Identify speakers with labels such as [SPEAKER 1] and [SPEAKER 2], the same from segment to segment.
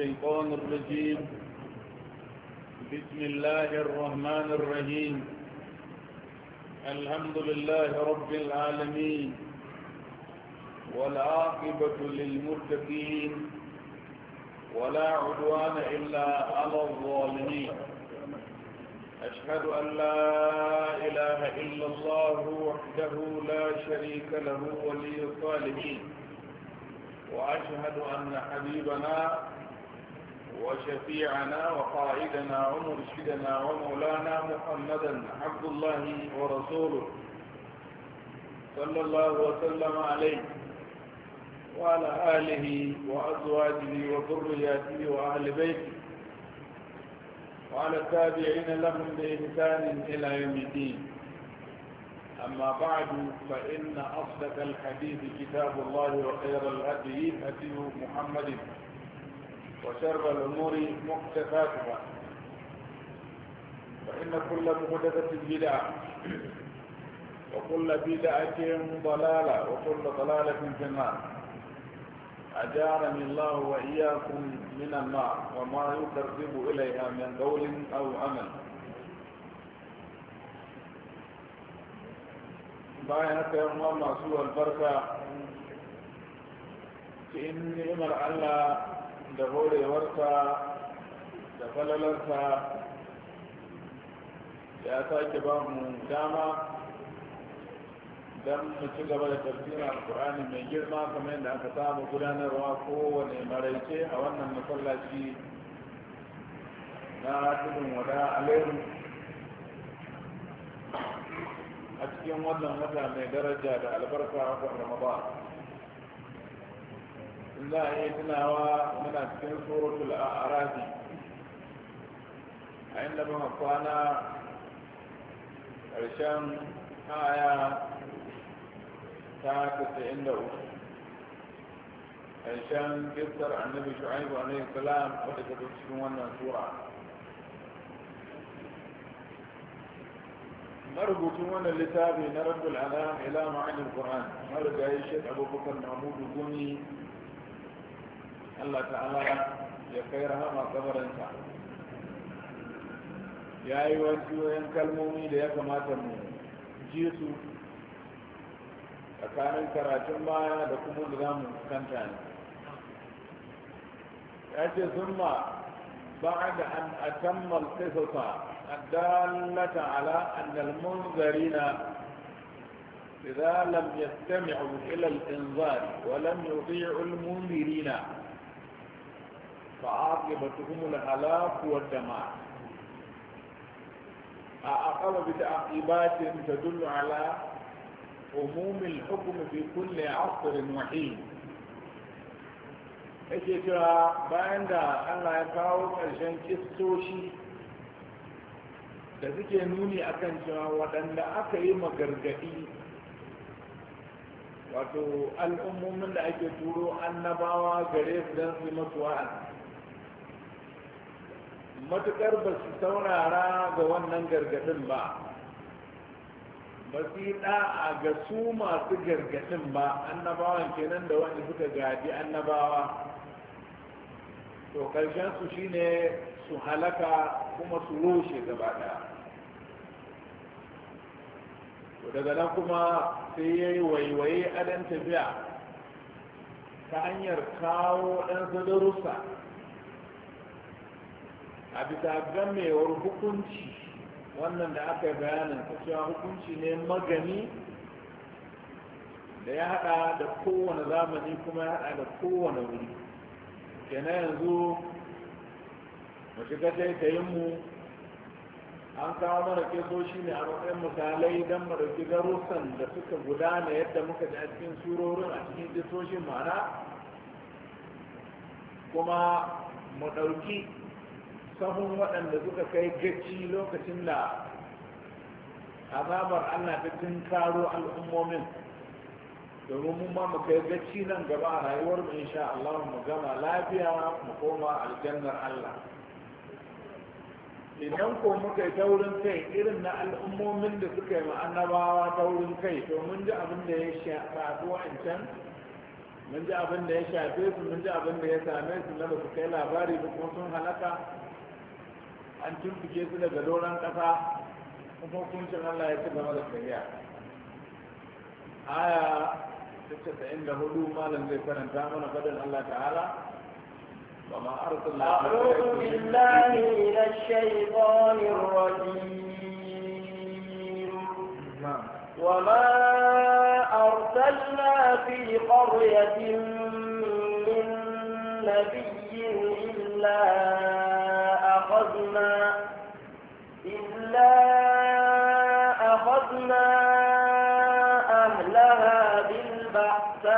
[SPEAKER 1] الشيطان الرجيم بسم الله الرحمن الرحيم الحمد لله رب العالمين والعاقبة للمتقين ولا عدوان إلا على الظالمين أشهد أن لا إله إلا الله وحده لا شريك له ولي الصالحين وأشهد أن حبيبنا وشفيعنا وقائدنا ومرشدنا ومولانا محمدا عبد الله ورسوله صلى الله وسلم عليه وعلى آله وأزواجه وذرياته وأهل بيته وعلى التابعين لهم بإحسان إلى يوم الدين أما بعد فإن أصدق الحديث كتاب الله وخير الهدي هدي محمد وشر الأمور محدثاتها فإن كل محدثة بدعة وكل بدعة ضلالة وكل ضلالة في النار أجارني الله وإياكم من النار وما يقرب إليها من قول أو عمل bayan haka يوم الله masu البركة إني أمر Allah da horewarsa da falalarsa ya sake ba mu dama don mu ci gaba da tafsirin alkur'ani mai girma kamar yadda aka samu gudanarwa kowane maraice a wannan masallaci na tudun wada alairu a cikin wannan wata mai daraja da albarka a ramadan in za a iya tunawa muna cikin suratul a'rafi a inda muka kwana ƙarshen aya ta tasa'in da uku ƙarshen kisar annabi shu'aibu alaihi salam wadda ta cikin wannan sura مربوطون وانا لتابي نرد العلام إلى معاني القرآن مرجع الشيخ أبو بكر محمود الجوني الله تعالى يخيرها ما كبر انت يا ايها الذين كلموا من لا كما تمو جيسو أكانن كراتن بايا لكم كان ثاني أجي ثم بعد أن أتم القصص الدالة على أن المنذرين إذا لم يستمعوا إلى الإنذار ولم يطيعوا المنذرين فعاقبتهم الهلاك والدمار أقام بتعقيبات تدل على عموم الحكم في كل عصر وحين yake cewa bayan da allah ya kawo ƙarshen kistoshi da suke nuni akan cewa waɗanda aka yi magargaɗi wato al'ummomin da ake turo annabawa gare su don su yi masu wa'azi matukar ba su saurara ga wannan gargadin ba ba su yi ɗa'a ga su masu gargadin ba annabawan kenan da wani suka gaji annabawa to karshen su shine su halaka kuma su rushe gaba daga nan kuma sai ya yi waiwaye adan tafiya ta hanyar kawo ɗan sadarusa a bisa gamewar hukunci wannan da aka bayanin ta cewa hukunci ne magani da ya hada da kowane zamani kuma ya hada da kowane wuri na yanzu mu shiga yi mu an kawo mana shi ne a matsayin misalai don mu ɗauki darussan da suka gudana yadda muka ji a cikin surorin a cikin kesoshin mana kuma mu ɗauki sahun waɗanda suka kai gaci lokacin da azabar Allah ta karo al'ummomin domin mun ma mu kai gaci nan gaba a rayuwar mu insha Allah mu gama lafiya mu koma aljannar Allah idan ko muka yi taurin kai irin na al'ummomin da suka yi annabawa taurin kai to mun ji abin da ya shafi wa'ancan mun ji abin da ya shafe su mun ji abin da ya same su na da su kai labari da kuma sun halaka an tuntuke su daga doron ƙasa kuma hukuncin Allah ya ci gaba da shari'a aya ta casa'in da hudu malam zai karanta mana fadin Allah ta'ala وما أرسلنا أعوذ بالله
[SPEAKER 2] من الشيطان wa وما أرسلنا في قرية من نبي إلا أخذنا إلا أخذنا أهلها بالبحثاء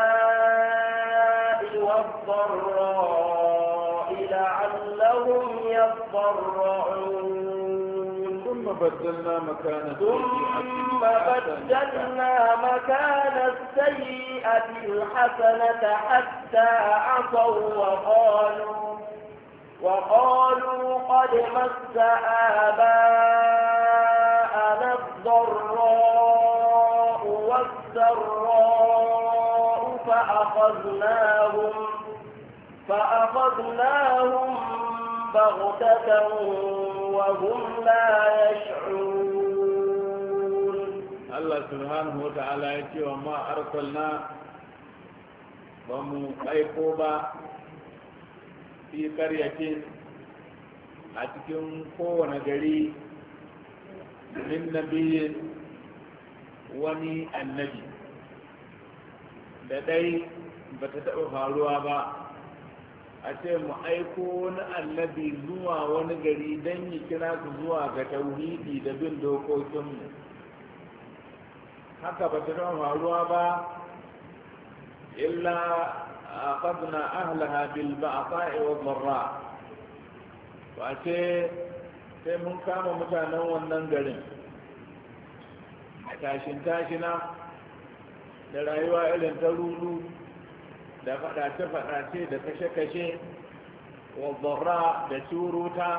[SPEAKER 2] والضراء لعلهم يضرعون ثم
[SPEAKER 1] بدلنا مكان ثم بدلنا مكان
[SPEAKER 2] السيئة الحسنة حتى عصوا وقالوا وقالوا قد مس آباءنا الضراء والسراء فأخذناهم فأخذناهم بغتة وهم لا يشعرون
[SPEAKER 1] الله سبحانه وتعالى يقول وما أرسلنا بمو أيقوبا fi karyace a cikin kowane gari min nabiyin wani annabi da dai ba ta taɓa faruwa ba a ce mu aiko wani annabi zuwa wani gari don yi kira su zuwa ga tauhidi da bin dokokinmu haka ba ta taɓa faruwa ba illa أخذنا أهلها بالبعطاء والضراء وأتي sai mun kama mutanen wannan garin a tashin tashina da rayuwa irin ta da faɗace-faɗace da kashe-kashe wazzarra da curuta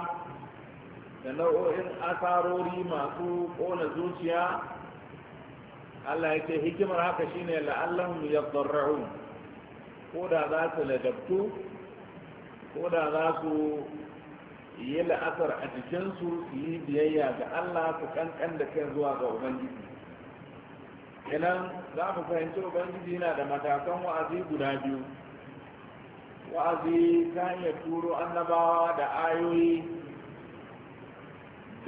[SPEAKER 1] da nau'o'in asarori masu ƙona zuciya Allah ya ce hikimar haka shine la'allahum yadharra'un ko da za su ladabtu ko da za su yi la'asar a jikinsu su yi biyayya ga Allah su kankan da kai zuwa ga Ubangiji kenan za mu fahimci Ubangiji yana da matakan wa'azi guda biyu wa'azi ta iya turo annabawa da ayoyi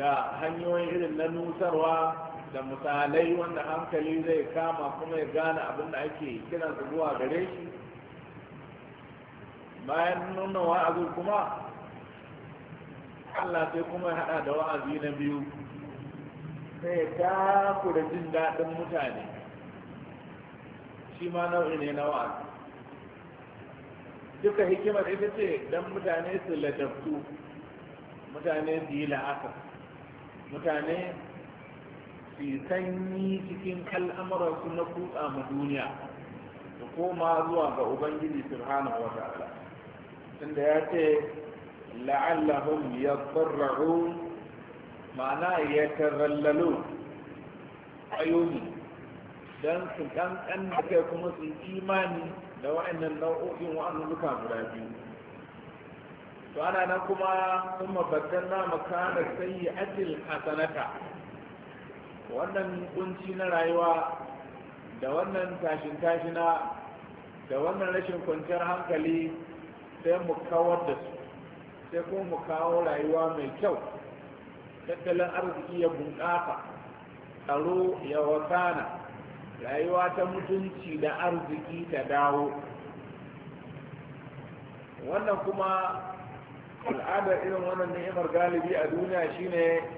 [SPEAKER 1] da hanyoyin irin na nusarwa da misalai wanda hankali zai kama kuma ya gane abin da ake kiran zuwa gare shi bayan nuna wa'azi kuma Allah sai kuma ya hada da wa'azi na biyu sai ta ku da jin daɗin mutane shi ma nau'i ne na wa'azi duka hikimar ita ce don mutane su ladabtu mutane su yi la'akar mutane su sanyi cikin al'amuransu na kutsa ma duniya su koma zuwa ga ubangiji subhanahu wa ta'ala Inda ya ce la'allahum yadhurru ma'ana yatazallalu ayuni don su kankan da kai kuma su imani da wa'annan nau'o'in wa'annan duka guda biyu to ana nan kuma sun mabaddan na makana sayi ajil hasanata wannan kunci na rayuwa da wannan tashin tashina da wannan rashin kwanciyar hankali sai mu kawar da su sai kuma mu kawo rayuwa mai kyau tattalin arziki ya bunƙasa tsaro ya wasana rayuwa ta mutunci da arziki ta dawo wannan kuma al'adar irin wannan ni'imar galibi a duniya shine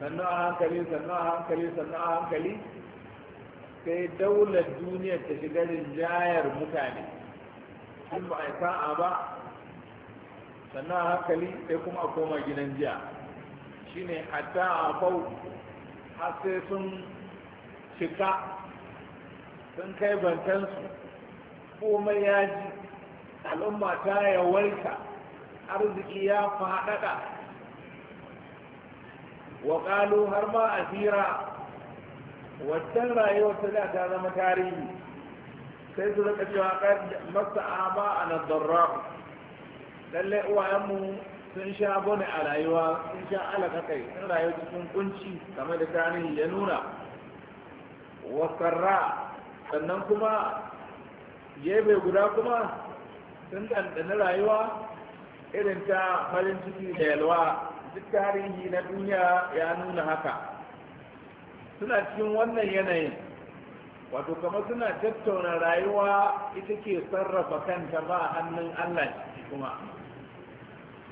[SPEAKER 1] sannu a hankali sannu a hankali sannu a hankali sai daular duniyar ta shiga rinjayar mutane in ba a yi sa'a ba sannan hankali sai kuma a koma gidan jiya shine ne a bau har sun cika sun kai bantansu komai ya ji al'umma ta yawaita arziki ya faɗaɗa wa har ma a tsira waccan rayuwar ta zama tarihi sai su zaka cewa masa aba a nadarra lallai uwayenmu sun sha bane a rayuwa sun sha alaka kai sun rayu cikin kunci kamar da tarihi ya nuna wasarra sannan kuma gefe guda kuma sun ɗanɗani rayuwa irin ta farin ciki da yalwa duk tarihi na duniya ya nuna haka suna cikin wannan yanayin wato kamar suna tattauna rayuwa ita ke sarrafa kanta ba hannun allah kuma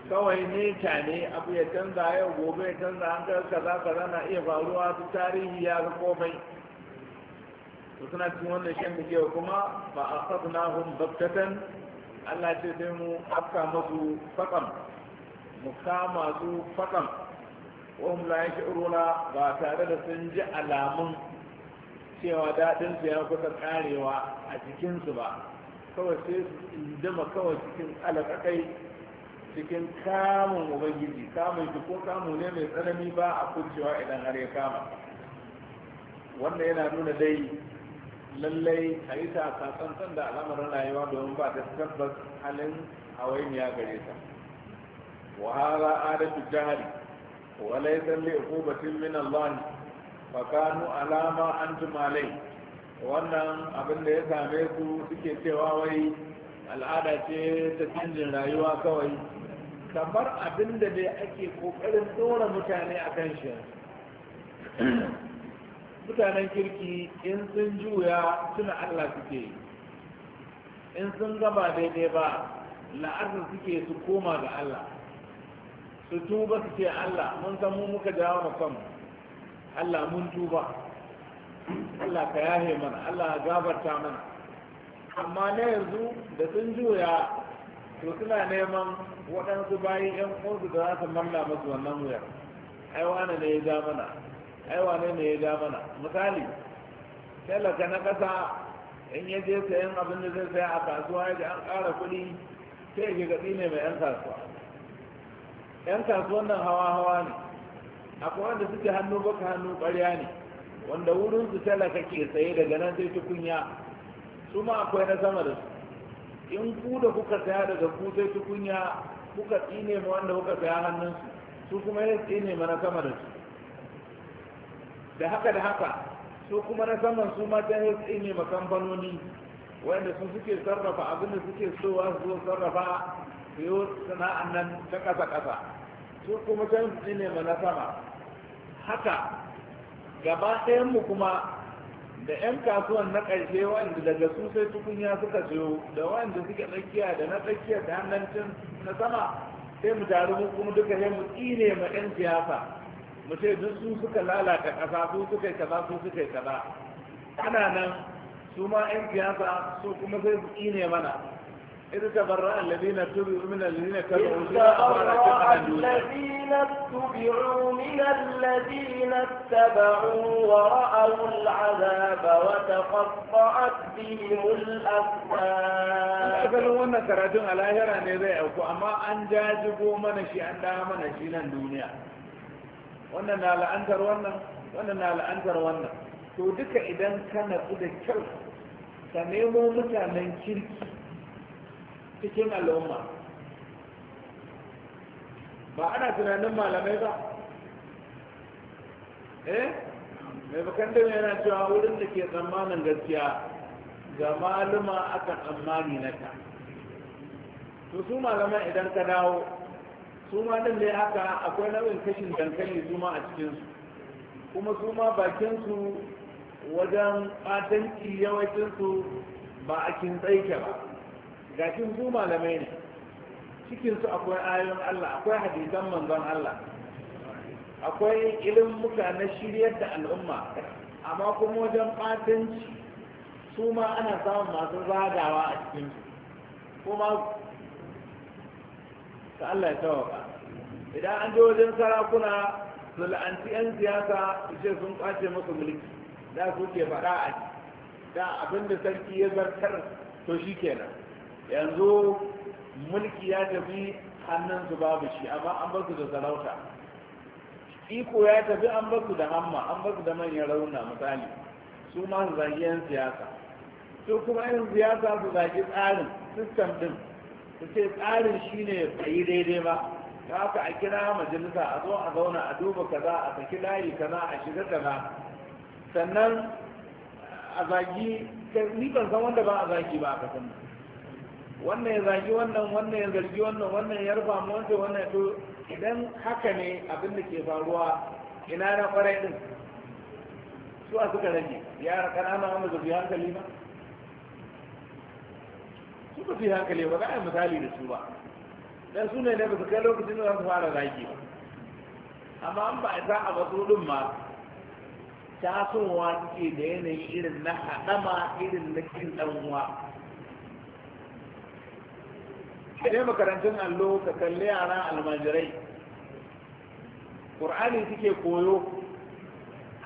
[SPEAKER 1] kawai neta ne abu ya canza yau gobe ya canza an karka za ka na iya faruwa su tarihi ya ga komai to suna cikin wannan shan da kuma ba a sabna hun babtatan allah ce sai mu afka masu fakam mu kama su fakam wahum la yashuruna ba tare da sun ji alamun cewa daɗinsu ya kusa karewa a jikinsu ba kawai sai su indama kawai cikin alaƙaƙai cikin kamun ubangiji kamun shi ko kamun ne mai tsanani ba a kuncewa idan har ya kama wannan yana nuna dai lallai a yi takatsantsan da al'amarin rayuwa domin ba ta tabbas halin hawainiya gare ta wa hada adatu jahari wa laysa li min Allah fakanu alama an tumalai wannan abin da ya same su suke cewa wai al'ada ce ta canjin rayuwa kawai kamar abin da dai ake kokarin tsora mutane a kan shi mutanen kirki in sun juya suna allah suke in sun gaba daidai ba la'asar suke su koma ga allah su tuba su ce allah mun san mu muka jawo mu Allah mun tuba Allah ka yahe mana Allah gabarta mana amma na yanzu da sun juya to suna neman waɗansu bayi yan ƙordu da za su mamla masu wannan wuyar aiwane ne ya ja mana aiwane ne ya ja mana misali talaka na ƙasa in ya je sayan abin da zai saya a kasuwa ya ji an ƙara kuɗi sai ya gaɗi ne mai 'yan kasuwa 'yan kasuwan nan hawa hawa ne akwai wanda suke hannu baka hannu ƙarya ne wanda wurin su talaka ke tsaye daga nan sai tukunya su ma akwai na sama da su in ku da kuka saya daga ku sai tukunya kuka tsine ma wanda kuka saya hannun su su kuma ya tsine ma na sama da su da haka da haka su kuma na saman su ma ta ya tsine ma kamfanoni wanda su suke sarrafa abin da suke so su sarrafa su yi sana'an nan ta ƙasa-ƙasa su kuma can su ne na sama haka gaba mu kuma da 'yan kasuwan na ƙarshe wanda daga su sai tukunya suka siyo da wanda suke tsakiya da na tsakiya da hannancin na sama sai mu taru mu kuma duka sai mu tsine ma 'yan siyasa mu ce duk su suka lalata ƙasa su suka yi kaza su suka yi kaza ana nan su ma 'yan siyasa su kuma sai su tsine mana إذ تبرأ الذين اتبعوا من الذين اتبعوا الذين
[SPEAKER 2] اتبعوا من الذين
[SPEAKER 1] اتبعوا ورأوا العذاب وتقطعت بهم الأسباب أفلوا أن كراتون على هرا نذيعك أما أن جاجبوا منشي أن دعا منشي لن دنيا wannan na la'antar wannan wannan na la'antar wannan to duka idan kana da kyau ka nemo mutanen kirki cikin al'umma ba ana tunanin malamai ba eh mai bakandun yana cewa wurin da ke tsammanin gaskiya ga maluma aka tsammani na ta to su malaman idan ka dawo su ma din dai haka akwai nau'in kashin dankali su ma a cikinsu kuma su ma bakinsu wajen ɓatanci yawancinsu ba a tsaike ba gashi su malamai ne cikinsu akwai ayoyin Allah akwai hadisan manzon Allah akwai ilimin na shiryar da al'umma amma kuma wajen ɓatanci su ma ana samun masu zagawa a cikin kuma ta Allah ya tawaka idan an je wajen sarakuna su la'anci 'yan siyasa su ce sun kwace musu mulki da su ke faɗa a da abinda sarki ya zartar to shi kenan yanzu mulki ya tafi hannun su babu shi amma an basu da sarauta iko ya tafi an basu da hamma an basu da manyan rauna misali su ma su zagi yan siyasa su kuma yan siyasa su zagi tsarin sistem din su ce tsarin shi shine bai daidai ba ta haka a kira majalisa a zo a zauna a duba kaza a saki layi kaza a shiga kaza sannan a zagi ni ban san wanda ba a zagi ba a kasan nan wannan ya zagi wannan wannan ya zargi wannan wannan ya rufa mu wancan wannan to idan haka ne abin da ke faruwa ina na kwarai din su a suka rage yara kanana wanda su yi hankali ba su ba su hankali ba za a yi misali da su ba dan su ne ne ba su kai lokacin da za su fara zagi ba amma an ba a sa a wasu din ma tasowa suke da yanayi irin na haɗama irin na kin ɗan idan makarantun allo ka kalli yara almajirai ƙur'ani suke koyo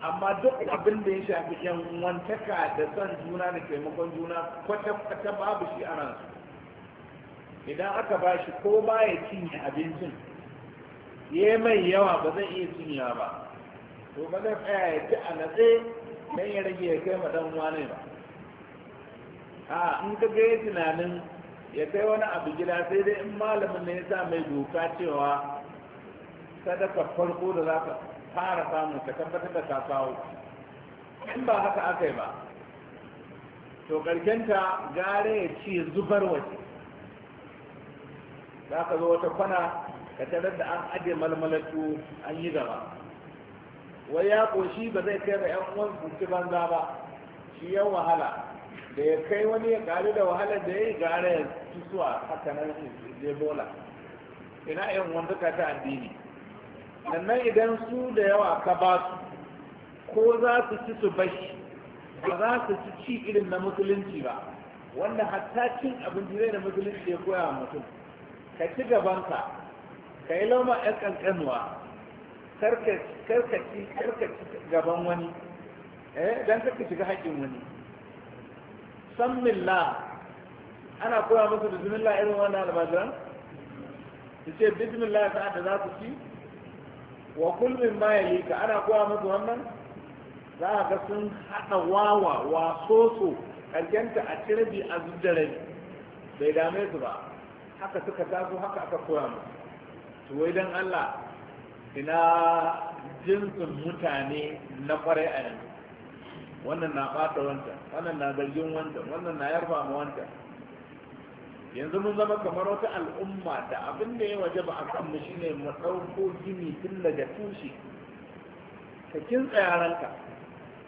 [SPEAKER 1] amma duk abin da ya shafi yan wantaka da son juna da taimakon juna kwata-kwata babu shi a ransu idan aka ba shi ko ba ya cinye abincin ya mai yawa ba zai iya cinyewa ba to ba zai tsaya ya ci a natse don ya rage ya kai ma ɗan wane ba a in ka ga tunanin ya kai wani abu gida sai dai in malamin ne ya sa mai doka cewa sadaka farko da za ka fara samu ka tabbatar da ka in ba haka aka yi ba to karkenta gare ya ce zubar waje za ka zo wata kwana ka tarar da an ajiye malmalatu an yi gaba wai ya ƙoshi ba zai kai da yan uwan su ci banza ba shi yan wahala da ya kai wani ya gari da wahalar da ya yi gara ya tusuwa haka nan je bola ina yin ka ta addini sannan idan su da yawa ka ba su ko za su ci su bashi ba za su ci ci irin na musulunci ba wanda hatta cin abinci zai na musulunci ya koya wa mutum ka ci gabanka ka yi lauma ya kankanuwa karkaci gaban wani eh dan ka shiga haƙƙin wani bismillah ana koya musu bismillah irin wannan almajiran su ce bismillah ta da za ku ci wa kullum ma yalika ana koya musu wannan za a ga sun haɗa wawa wa soso karkenta a cirbi a zujjarai bai dame su ba haka suka taso haka aka koya musu to wai don allah ina jinsin mutane na kwarai a yanzu wannan na ɓata wancan wannan na zargin wancan wannan na yarfa ma wancan yanzu mun zama kamar wata al'umma da abin da ya waje ba a kan mu shine mu dauko gini tun daga tushe ka kintsa yaranka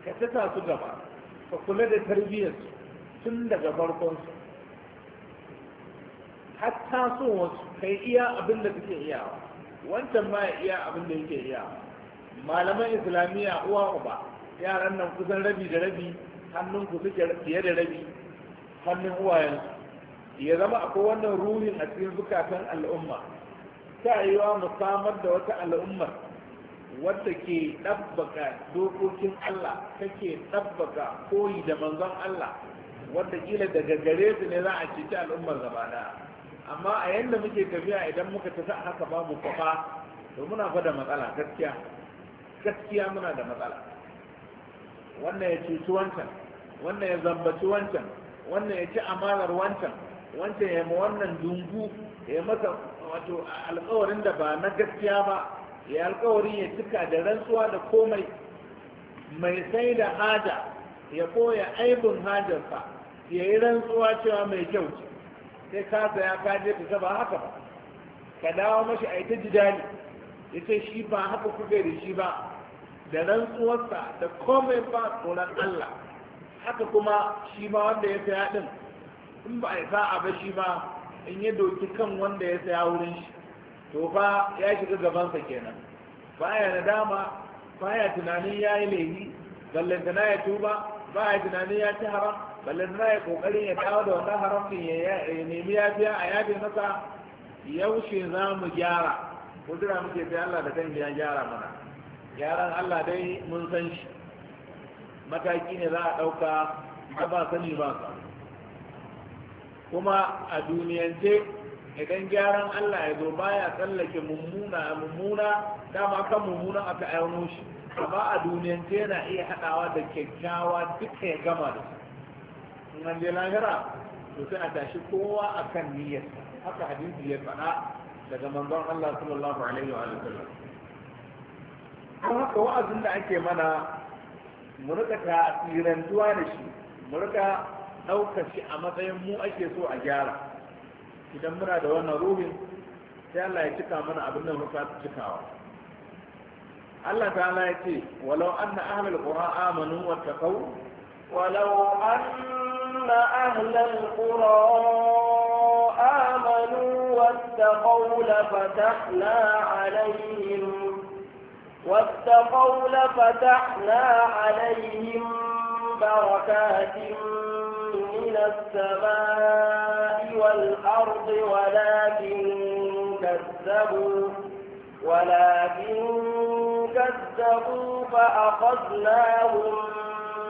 [SPEAKER 1] ka saka su gaba ka kula da tarbiyyar tun daga farkonsu hatta so wasu kai iya abin da kake iyawa wancan ma ya iya abin da yake iyawa malaman islamiyya uwa uba yaran nan kusan rabi da rabi hannun ku suke fiye da rabi hannun uwayen ya zama akwai wannan ruhin a cikin zukatan al'umma ta wa mu samar da wata al'umma wadda ke ɗabbaka dokokin Allah take ɗabbaka koyi da manzon Allah wadda kila daga gare su ne za a ceci al'ummar gaba daya amma a yanda muke tafiya idan muka tafi haka ba mu kwafa to muna fa da matsala gaskiya gaskiya muna da matsala wannan ya cuci wancan wannan ya zambaci wancan wannan ya ci amanar wancan wancan ya yi wannan dungu ya masa wato alkawarin da ba na gaskiya ba ya alkawarin ya cika da rantsuwa da komai mai sai da haja ya koya aibin hajarsa ya yi rantsuwa cewa mai kyau ce sai ka ya ka je ka ba haka ba ka dawo mashi a ita jidali ya ce shi ba haka kuka da shi ba da rantsuwarsa da komai ba tsoron Allah haka kuma shi ma wanda ya saya din in ba ya sa'a ba shi ba, in ya doki kan wanda ya saya wurin shi to fa ya shiga gabansa kenan baya nadama baya tunanin ya yi ballanta ballantana ya tuba baya tunanin ya ci haram ballantana ya kokarin ya dawo da wannan haram ya nemi yafiya a yafe masa yaushe za mu gyara jira muke sai Allah da kan ya gyara mana gyaran Allah dai mun san shi mataki ne za a ɗauka ba ba sani ba kuma a duniyance idan gyaran Allah ya zo baya tsallake mummuna mummuna dama kan mummuna aka ayyano shi amma a duniyance yana iya haɗawa da kyakkyawa duka ya gama da su in je lahira to sai a tashi kowa akan niyyarsa haka hadisi ya faɗa daga manzon Allah sallallahu alaihi wa sallam don haka wa'azin da ake mana mu rika tsirantuwa da shi mu rika ɗaukar shi a matsayin mu ake so a gyara idan muna da wannan ruhin sai Allah ya cika mana abin da muka cikawa Allah ta'ala ya ce walau anna ahlul qura amanu wattaqaw
[SPEAKER 2] walau anna ahlul qura amanu wattaqaw lafatahna alaihim واتقوا لفتحنا عليهم بركات من السماء والأرض ولكن كذبوا ولكن كذبوا فأخذناهم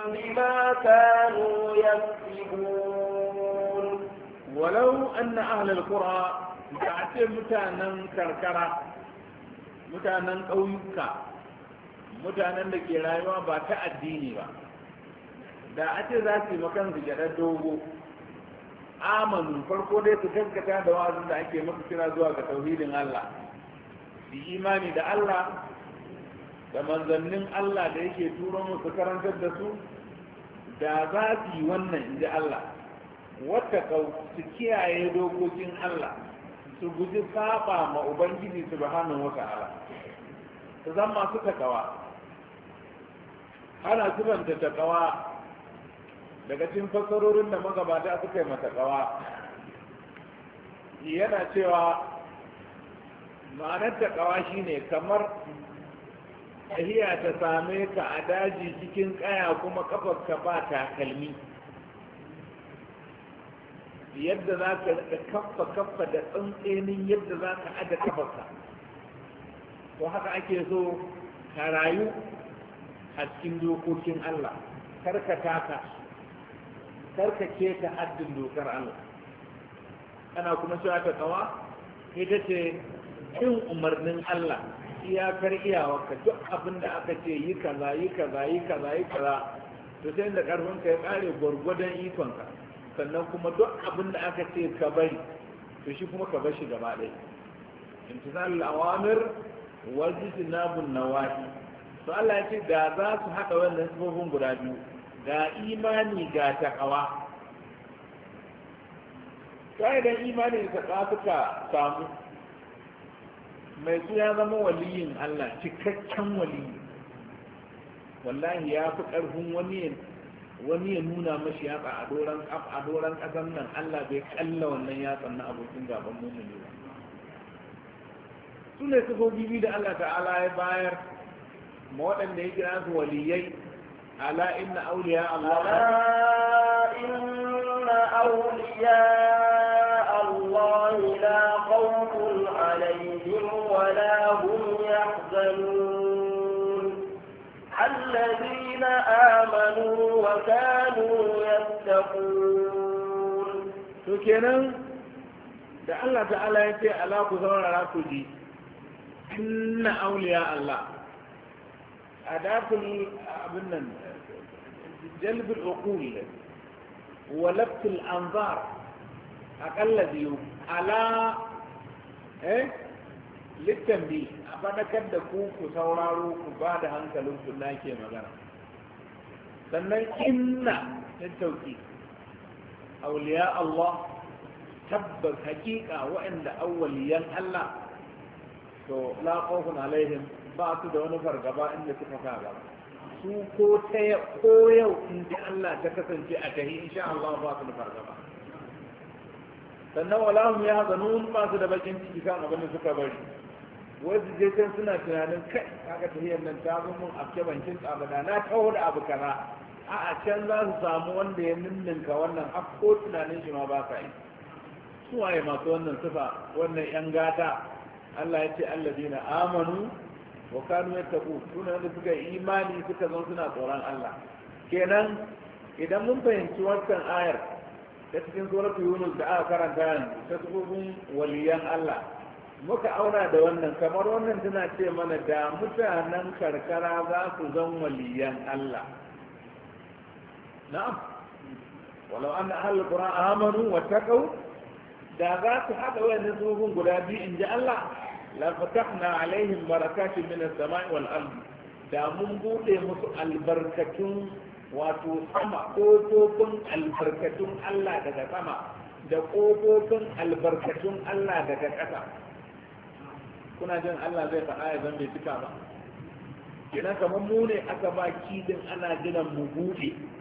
[SPEAKER 2] بما كانوا يكسبون
[SPEAKER 1] ولو أن أهل القرى بعث متانا كركرة mutanen ƙauyuka mutanen da ke rayuwa ba ta addini ba da a ce za su yi makan su dogo amanu farko dai su gaskata da wa'azin da ake masu kira zuwa ga tauhidin Allah su imani da Allah da manzannin Allah da yake turo musu karantar da su da za su yi wannan inji Allah wata su kiyaye dokokin Allah su guji saba ma ubangiji subhanahu ala. su zan su takawa ana ta takawa daga cikin fassarorin da magabata suka yi takawa yana cewa ma'anar takawa shine kamar ahiya ta same ka a daji cikin kaya kuma kafarka ba takalmi yadda za ka da kaffa kaffa da tsantsenin yadda za ka aga kafarsa to haka ake so ka rayu a cikin dokokin Allah karka taka karka keta haddin dokar Allah ana kuma cewa ta kawa ita ce cin umarnin Allah iyakar iyawarka duk abin da aka ce yi kaza yi kaza yi kaza yi kaza to sai da karfin ka ya kare gwargwadon ikonka sannan kuma duk abin da aka ce ka bari to shi kuma ka bar shi gaba ɗaya imtizalul awamir wajtinabun nawahi to Allah ya ce da za su haɗa wannan sifofin guda biyu ga imani ga takawa kai da imani da takawa suka samu mai su ya zama waliyin Allah cikakken waliyi wallahi ya fi ƙarfin wani wani ya nuna mashi yatsa a doran a doran kasan nan Allah bai kalla wannan yatsan na abokin gaban mu'mini ba su ne sifofi biyu da Allah ta'ala ya bayar ma waɗanda ya kira su waliyai ala inna awliya Allah ala
[SPEAKER 2] inna awliya Allah la khawfun alaihim wa la hum yahzanun الذين آمنوا وكانوا يتقون
[SPEAKER 1] فكنا da Allah ta'ala ya ce ala ku saurara ku ji inna auliya Allah a dafin abin nan jalbin uqul wa laftul anzar akalla biyu ala eh littan bi a fadakar da ku ku sauraro ku ba da hankalin ku na ke magana sannan inna na tauki auliya Allah tabbas hakika waɗanda awwaliyan Allah to la khawfun alaihim ba su da wani fargaba inda suka sa ba su ko ta ko yau inda Allah ta kasance a tahi insha Allah ba su da fargaba sannan wala hum yahzanun ba su da bakin ciki kan abin da suka bari wasu je suna tunanin kai kaga tahiyar nan ta zo mun afke bankin tsabada na taho da abu kaza a a can za su samu wanda ya ninninka wannan hakko tunanin shi ma ba ka yi su waye masu wannan sifa wannan yan gata Allah ya ce allazina amanu wa kanu tabu suna da suka imani suka zo suna tsoron Allah kenan idan mun fahimci wannan ayar ta cikin suratul yunus da aka karanta yanzu ta tsubun waliyan Allah muka auna da wannan kamar wannan tana ce mana da mutanen karkara za su zan waliyan Allah na'am walau an ahal qura amanu wata taqaw da za su haɗa wayannan tsohon guda biyu in ji Allah la na alaihin barakatin min as-sama'i wal ardi da mun buɗe musu albarkatun wato sama kofofin albarkatun Allah daga sama da kofofin albarkatun Allah daga ƙasa kuna jin Allah zai faɗa ya zan bai cika ba kenan kamar mu ne aka ba kidin ana gina mu buɗe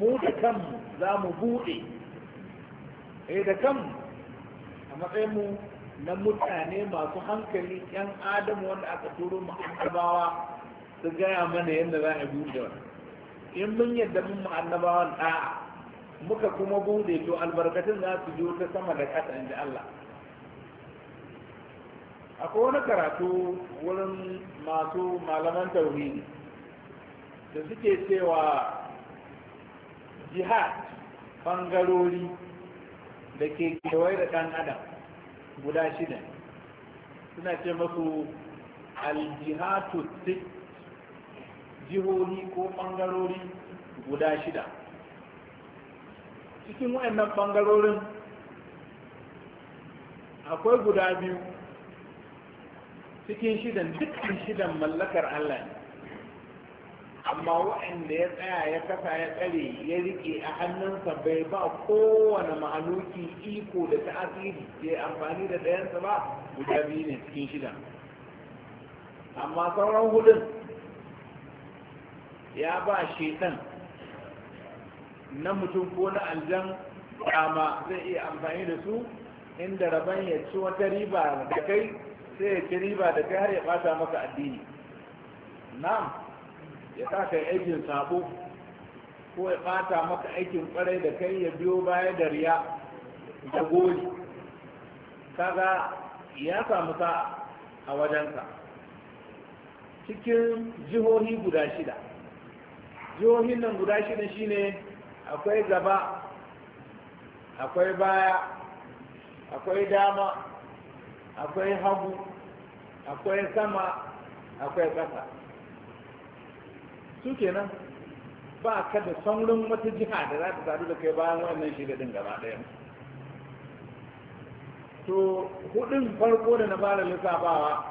[SPEAKER 1] mu da kanmu za mu buɗe e da kan a matsayin mu na mutane masu hankali yan adam wanda aka turo mu annabawa su gaya mana yadda za a buɗe wa in mun yadda mun mu annabawa ɗa'a muka kuma buɗe to albarkatun za su biyo ta sama da ƙasa inda Allah akwai wani karatu wurin masu malaman tauhidi da suke cewa jihad bangarori da ke kewaye da ɗan adam guda shida suna ce masu aljihatu six jihohi ko bangarori guda shida cikin waɗannan bangarorin akwai guda biyu cikin shidan dukkan shidan mallakar Allah ne amma waɗanda ya tsaya ya kasa ya tsare ya rike a hannunsa bai ba kowane mahaluki iko da ta asiri ya amfani da ɗayansa ba guda biyu ne cikin shida amma sauran hudun ya ba shetan na mutum ko na aljan dama zai iya amfani da su inda rabon ya ci wata riba da kai sai ya ci riba da kai har ya bata maka addini na'am ya sa kai aikin sabo ko ya fata maka aikin kwarai da kai ya biyo baya da riya da goli kaga ya samu sa a ka cikin jihohi guda shida jihohin nan guda shida shine akwai gaba akwai baya akwai dama akwai hagu akwai sama akwai ƙasa su kenan ba ka da saurin wata jiha da za ta sadu da kai bayan wannan shida din gaba ɗaya to hudun farko da na fara lissafawa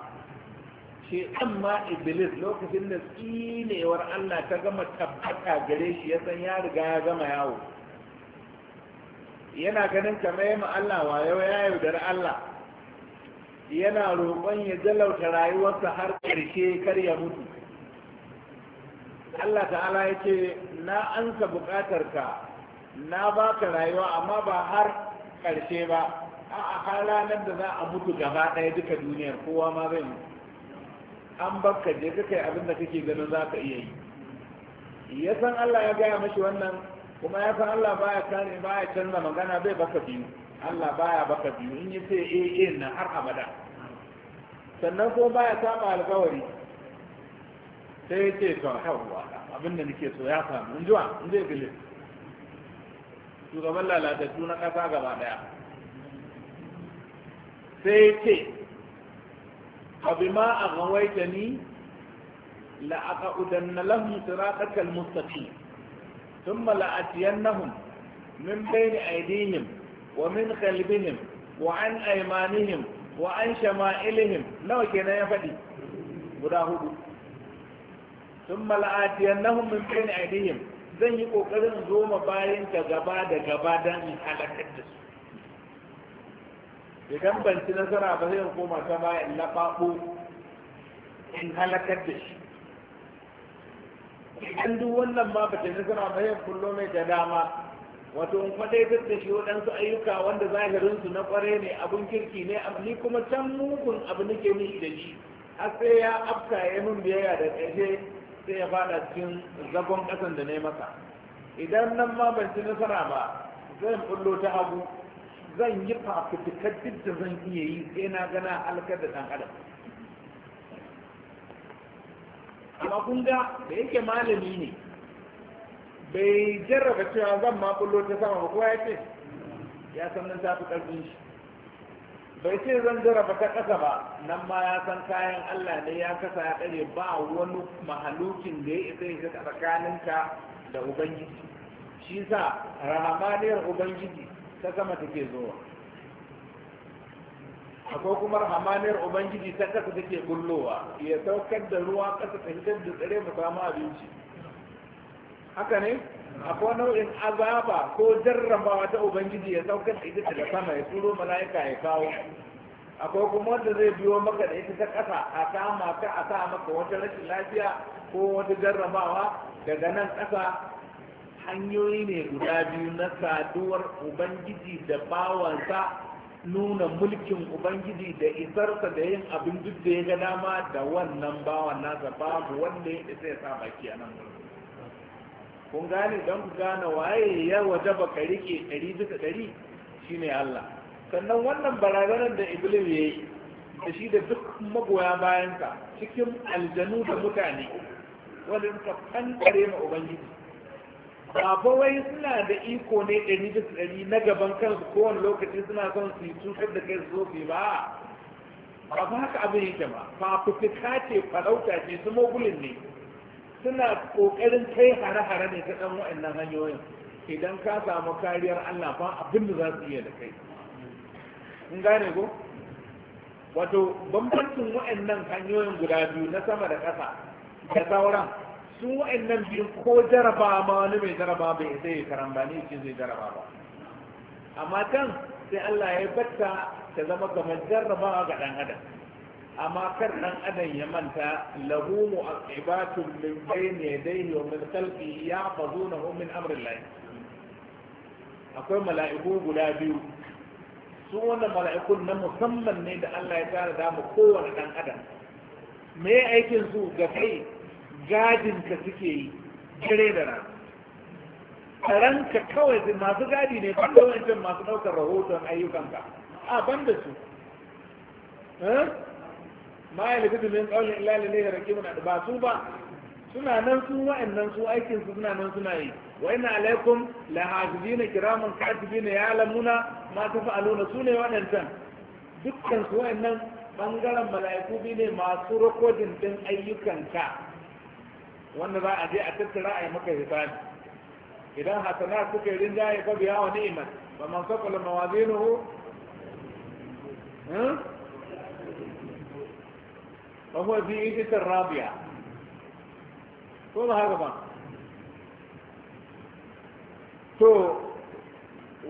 [SPEAKER 1] shi amma iblis lokacin da tsinewar allah ta gama tabbata gare shi ya san ya riga ya gama yawo yana ganin kamar yamma allah wayo ya yaudar allah yana roƙon ya jalauta rayuwarsa har ƙarshe kar ya mutu Allah ta'ala ya ce na ansa buƙatarka na baka rayuwa amma ba har ƙarshe ba a har nan da za a mutu gaba ɗaya duka duniyar kowa ma zai mutu an baka je ka kai abin da kake ganin za ka iya yi ya san Allah ya gaya mashi wannan kuma ya san Allah baya kare baya canza magana bai baka biyu Allah baya baka biyu in ya ce eh eh na har abada sannan kuma baya saba alƙawari sai ya ce ga yawuwa abin da nake so ya samu in jiwa in zai gile shugaban lalatattu na kasa gaba daya. sai ya ce abu ma a da ni la'aka udanna lahun siratakal mustaqim tun mala'atiyan nahun min bayni aidinim wa min khalbihim wa an aimanihim wa an shama'ilihim nawa kenan ya faɗi guda hudu ثم لآتينهم من بين أيديهم zan yi ƙoƙarin zo ma bayan ta gaba da gaba don in halakar da su idan ban ci nasara ba zai koma ta baya in laɓaɓo in halakar da shi idan duk wannan ma ba ta nasara ba zai kullo mai da dama wato in kwadaitar da shi waɗansu ayyuka wanda zahirinsu na ƙware ne abun kirki ne abu ni kuma can mugun abu nake ni da shi har sai ya afka ya min biyayya da ƙarshe sai ya fada cikin zagon kasan da ne masa idan nan ma ban ci nasara ba zan bullo ta hagu zan yi fafutukar duk da zan iya yi sai na gana halkar da dan adam amma kun ga da yake malami ne bai jarraba cewa zan ma bullo ta sama ba kowa ya ce ya san nan ta fi karfin shi bai ce zan zarafa ta ƙasa ba nan ma ya san kayan Allah ne ya kasa ya tsare ba wani mahalukin da ya isa ya shiga tsakaninka da ubangiji shi sa rahamaniyar ubangiji ta sama take zuwa akwai kuma rahamaniyar ubangiji ta ƙasa take gullowa ya saukar da ruwa ƙasa ta hitar da tsare mu samu abinci haka ne akwai nau'in azaba ko jarrabawa ta ubangiji ya sauka da ita daga sama ya turo mala'ika ya kawo akwai kuma wanda zai biyo maka da ita ta kasa a kama ka a sa maka wata rashin lafiya ko wata jarrabawa daga nan ƙasa hanyoyi ne guda biyu na saduwar ubangiji da bawansa nuna mulkin ubangiji da isarsa da yin abin duk da ya ga dama da wannan bawan nasa babu wanda ya isa ya sa baki a nan wurin kun gane don ku gane waye ya waje ba ka rike ɗari bisa ɗari shine Allah sannan wannan barazanar da iblis ya yi da shi da duk magoya bayanka cikin aljanu da mutane wanda suka kankare ma ubangiji ba wai suna da iko ne ɗari bisa ɗari na gaban kansu kowane lokaci suna son su yi cutar da kai su zo ba ba haka abin yake ba fafutuka ce farauta ce su mogulin ne suna ƙoƙarin kai hare-hare ne ta ɗan waɗannan hanyoyin idan ka samu kariyar Allah ba abin da za su iya da kai in gane ko wato bambancin waɗannan hanyoyin guda biyu na sama da ƙasa da sauran su waannan biyu ko jaraba ma wani mai jaraba bai isa ya karamba ne shi zai jaraba ba amma kan sai Allah ya batta ta zama kamar jarrabawa ga ɗan adam amma kar dan adam ya manta lahu mu'aqibatun min bayni yadayhi wa min khalfi ya'budunahu min amri llahi akwai mala'iku guda biyu su wannan mala'ikun na musamman ne da Allah ya tsara da mu kowane dan adam me aikin su ga kai gadin ka suke yi dare da rana ka kawai masu gadi ne kuma da masu ɗaukar rahoton ayyukanka a ban su eh? ma ya lafi ne qawlin rake rake raqibun ba su ba suna nan su wa'annan su aikin su suna nan suna yi wa ina alaikum la hafizina kiraman katibina lamuna. ma su sune waɗancan dukkan su wa'annan ɓangaren mala'iku bi ne masu rikodin ɗin ayyukanka wanda za a je a tattara a yi maka hisabi idan hasana suka yi rinjaye fa biya wa ni'mat ba man saqala mawazinuhu hmm? fa في fi الرابعة rabiya هذا ما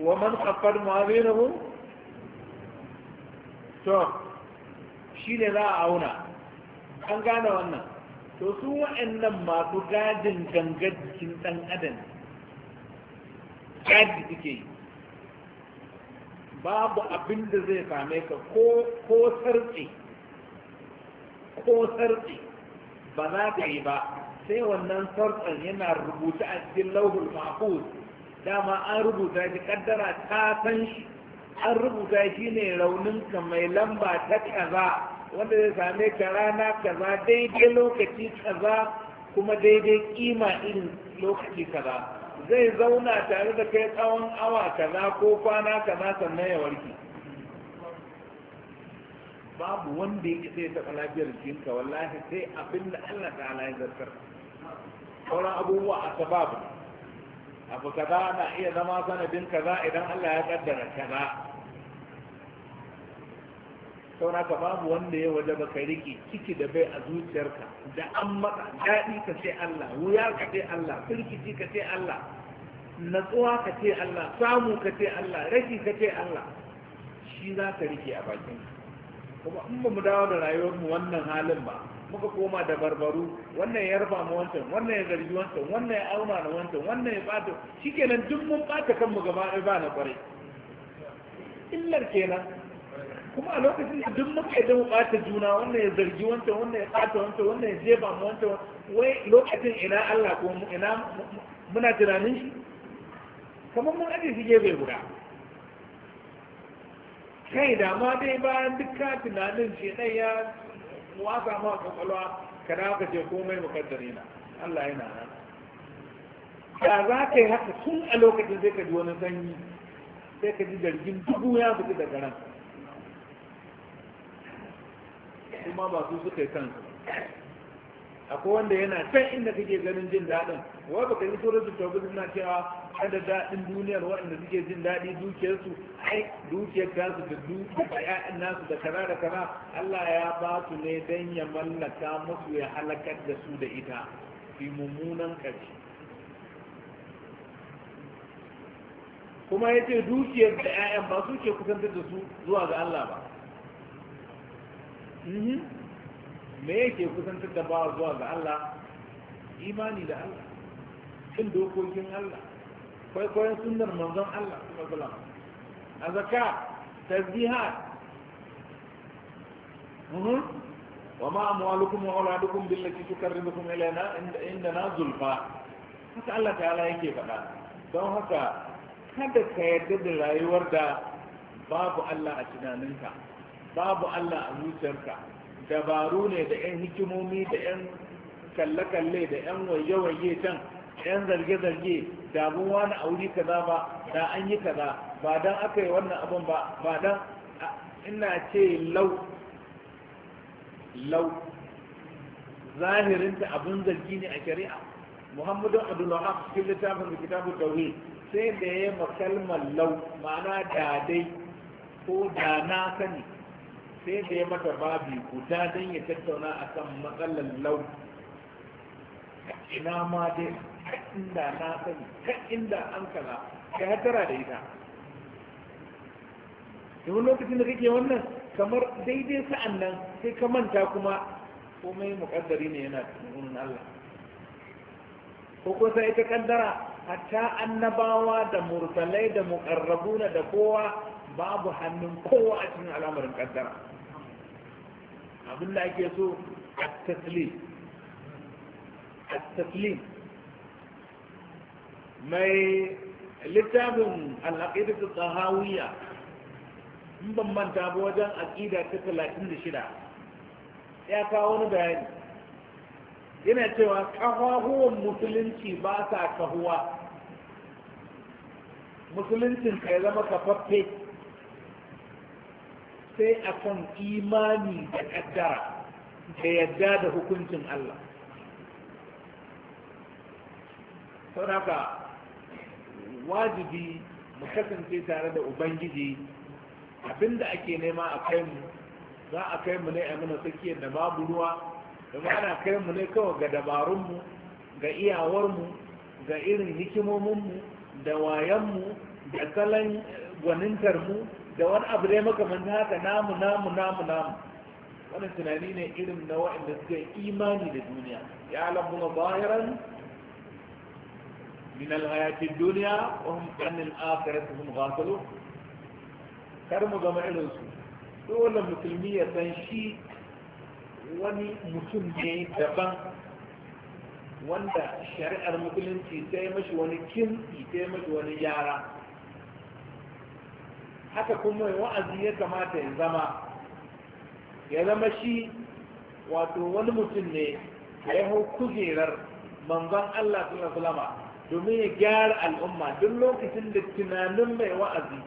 [SPEAKER 1] haka ومن to wa man شين لا to shine za a auna an gane wannan to su wa'annan masu gadin gangar jikin ɗan adam gadi babu abin da zai same ka ko sarki ko sarki ba za ka yi ba sai wannan sarkin yana rubuta a cikin lauhul mahfuz dama an rubuta shi kaddara ta san shi an rubuta shi ne raunin ka mai lamba ta kaza wanda zai same ka rana kaza daidai lokaci kaza kuma daidai kima irin lokaci kaza zai zauna tare da kai tsawon awa kaza ko kwana kaza sannan ya warke babu wanda yake sai taɓa lafiyar jikinka wallahi sai abin da Allah ta ala ya zartar sauran abubuwa a sababu abu kaza na iya zama sanadin kaza idan Allah ya kaddara kaza sauna ka babu wanda ya waje baka rike ciki da bai a zuciyarka da an matsa daɗi ka ce Allah wuya ka ce Allah firkici ka ce Allah natsuwa ka ce Allah samu ka ce Allah rashi ka ce Allah shi za ka rike a bakinka kuma in ba mu dawo da rayuwarmu wannan halin ba muka koma da barbaru wannan ya rufa mu wancan wannan ya zargi wancan wannan ya auna na wancan wannan ya bata shikenan duk mun bata kanmu gaba ɗaya ba na kwarai illar kenan kuma a lokacin da duk muka idan mu bata juna wannan ya zargi wancan wannan ya bata wancan wannan ya jefa mu wancan wai lokacin ina Allah ko ina muna tunanin shi kamar mun aje shi gefe guda kai da ma dai bayan duk ka tunanin shi ɗai ya wasa ma kwakwalwa ka da haka ce komai mukaddari na Allah yana nan da za ka yi haka tun a lokacin sai ka ji wani sanyi sai ka ji jirgin dubu ya fita daga nan kuma ba su suka yi kansu akwai wanda yana can inda kake ganin jin daɗin wa baka yi so da tobi suna cewa kada daɗin duniyar waɗanda suke jin daɗi dukiyarsu ai dukiyar su da dukiyar da nasu da kara da kara, Allah ya ba su ne dan ya mallaka musu ya halakar da su da ita fi mummunan ƙarshe kuma ya dukiyar da 'ya'yan ba su ke kusantar da su zuwa ga Allah ba mhm. me yake kusantar da bawa zuwa ga Allah imani da Allah cin dokokin Allah kwaikwayon sunnar manzon Allah kuma sallallahu wa azaka tasbihat mhm وما أموالكم وأولادكم بالتي تكرمكم إلينا عندنا زلفى haka Allah ta'ala yake faɗa don haka kada ka yarda da rayuwar da babu Allah a tunaninka babu Allah a zuciyarka dabaru ne da 'yan hikimomi da 'yan kalle-kalle da 'yan waje-waje can 'yan zarge-zarge da mun wani auri kaza ba da an yi kaza ba dan aka yi wannan abin ba ba dan ina ce lau lau zahirinta abin zargi ne a shari'a muhammadu abdullahi cikin littafin kitabun tauhid sai da ya yi makalmar lau ma'ana da dai ko da na sani sai da ya mata babi guda don ya tattauna a kan matsalar lau ina ma dai inda na sani kan inda an kaza ka hatara da ita domin lokacin da kake wannan kamar daidai sa'an nan sai ka manta kuma komai muƙaddari ne yana cikin Allah ko ko sai ita kaddara hatta annabawa da mursalai da muƙarrabuna da kowa babu hannun kowa a cikin al'amarin kaddara abin da ake so a taslim mai littafin al'aƙidar ta tsahawiyya in ban manta ba wajen aƙida ta talatin da shida ya kawo wani bayani yana cewa ƙafafuwan musulunci ba sa kahuwa musuluncin ka ya zama kafaffe sai akan imani da kaddara da yadda da hukuncin Allah saboda wajibi mu kasance tare da ubangiji abinda ake nema a kai mu za a kai mu ne a mana tsakiyar da babu ruwa domin ana kai mu ne kawai ga dabarunmu ga iyawarmu ga irin hikimominmu da wayanmu da salon gwanintarmu da wani abu dai makamantan haka namu namu namu namu wannan tunani ne irin na waɗanda suka yi imani da duniya ya alamu zahiran min alhayatin duniya wa hum anil akhirati hum ghafilun kar mu gama irin su dole musulmi ya san shi wani mutum ne daban wanda shari'ar musulunci ta yi mashi wani kinsi ta yi mashi wani yara haka kuma wa'azi ya kamata ya zama ya zama shi wato wani mutum ne a ya hau kujerar manzon Allah sallallahu domin ya gyara al'umma duk lokacin da tunanin mai wa'azi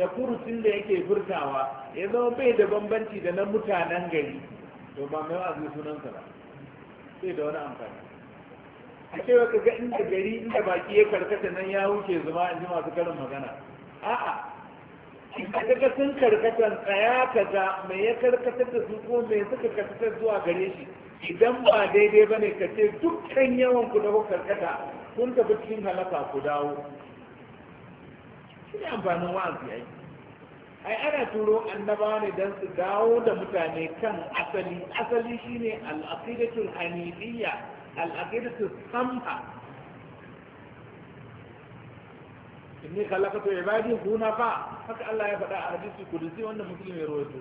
[SPEAKER 1] da furucin da yake furtawa ya zama bai da bambanci da na mutanen gari to ba mai wa'azi sunansa ba sai da wani amfani a ce ka ga inda gari inda baki ya karkata nan ya wuce zuma in ji masu karin magana a'a kaga sun karkatan tsaya kaza mai ya karkatar da su ko mai suka karkatar zuwa gare shi idan ba daidai ba ne ka ce dukkan yawan ku da ku karkata kun tafi cikin halaka ku dawo shi ne amfanin wa'azi ai ai ana turo annaba ne don su dawo da mutane kan asali asali shine al-aqidatul hanibiyya al-aqidatul samha inni khalaqtu ibadi fa, haka Allah ya faɗa a hadisi kudusi wanda musulmi ya rawaito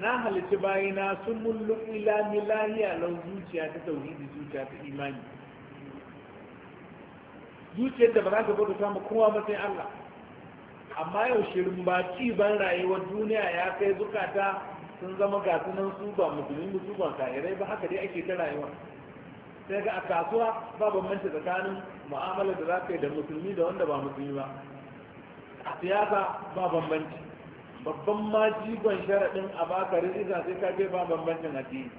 [SPEAKER 1] na halitta bayina sun mullu ila milahiya lau zuciya ta tauhidi zuciya ta imani zuciyar da ba za ta bauta samu kowa ba sai Allah amma yau shirin baci ban rayuwar duniya ya kai zukata sun zama gasunan su ba musulmi su ba kahirai ba haka dai ake ta rayuwa sai ga a kasuwa ba bambanci tsakanin mu'amalar da za ka yi da musulmi da wanda ba musulmi ba a siyasa ba bambanci babban ma jigon sharaɗin a baka rizika sai ka ce ba bambancin addini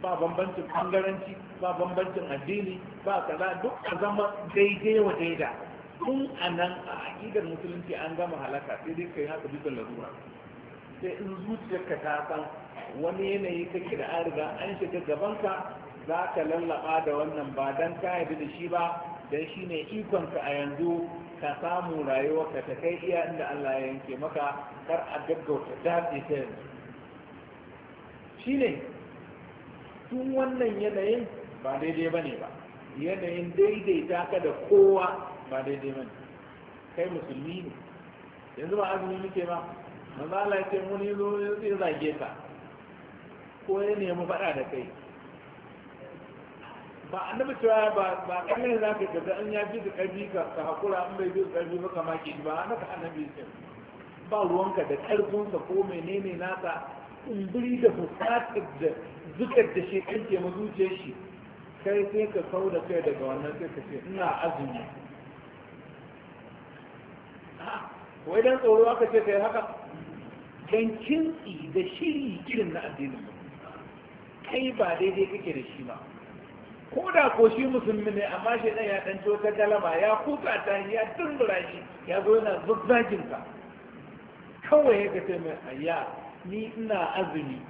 [SPEAKER 1] ba bambancin bangaranci ba bambancin addini ba kaza duk a zama daidai wa daida tun a nan a aƙidar musulunci an gama halaka sai dai ka yi haka bisa larura sai in zuciyarka ta san wani yanayi ka kira an riga an shiga gabanka za ka lallaba da wannan ba don ka yabi da shi ba don shi ne ikonka a yanzu ka samu rayuwa ka ta kai iya inda Allah ya yanke maka kar a gaggauta daɗe ta yanzu shi ne tun wannan yanayin ba daidai ba ne ba yanayin daidaita ka da kowa ba daidai ba ne kai musulmi ne yanzu ba azumi muke ba manzo ya ce mun yi zo zai zage ka ko ya nemi faɗa da kai ba annabi cewa ba ba kamar za ka gaza an ya fi da ƙarfi ka ka haƙura an bai biyu da ƙarfi ba kama ke ba an haka annabi ce ba ruwanka da ƙarfinsa ko menene nasa kumburi da fuskatar da zukar da shi ke mazuce shi kai sai ka sau da kai daga wannan sai ka ce ina azumi wai dan tsoro aka ce kai haka dan kinsi da shiri irin na addinin kai ba daidai kake da shi ba ko da ko shi musulmi ne amma shi dan ya ɗan ta galama ya kuka ta ya dundura shi ya zo yana zuzzagin ka kawai ya kace mai ayya ni ina azumi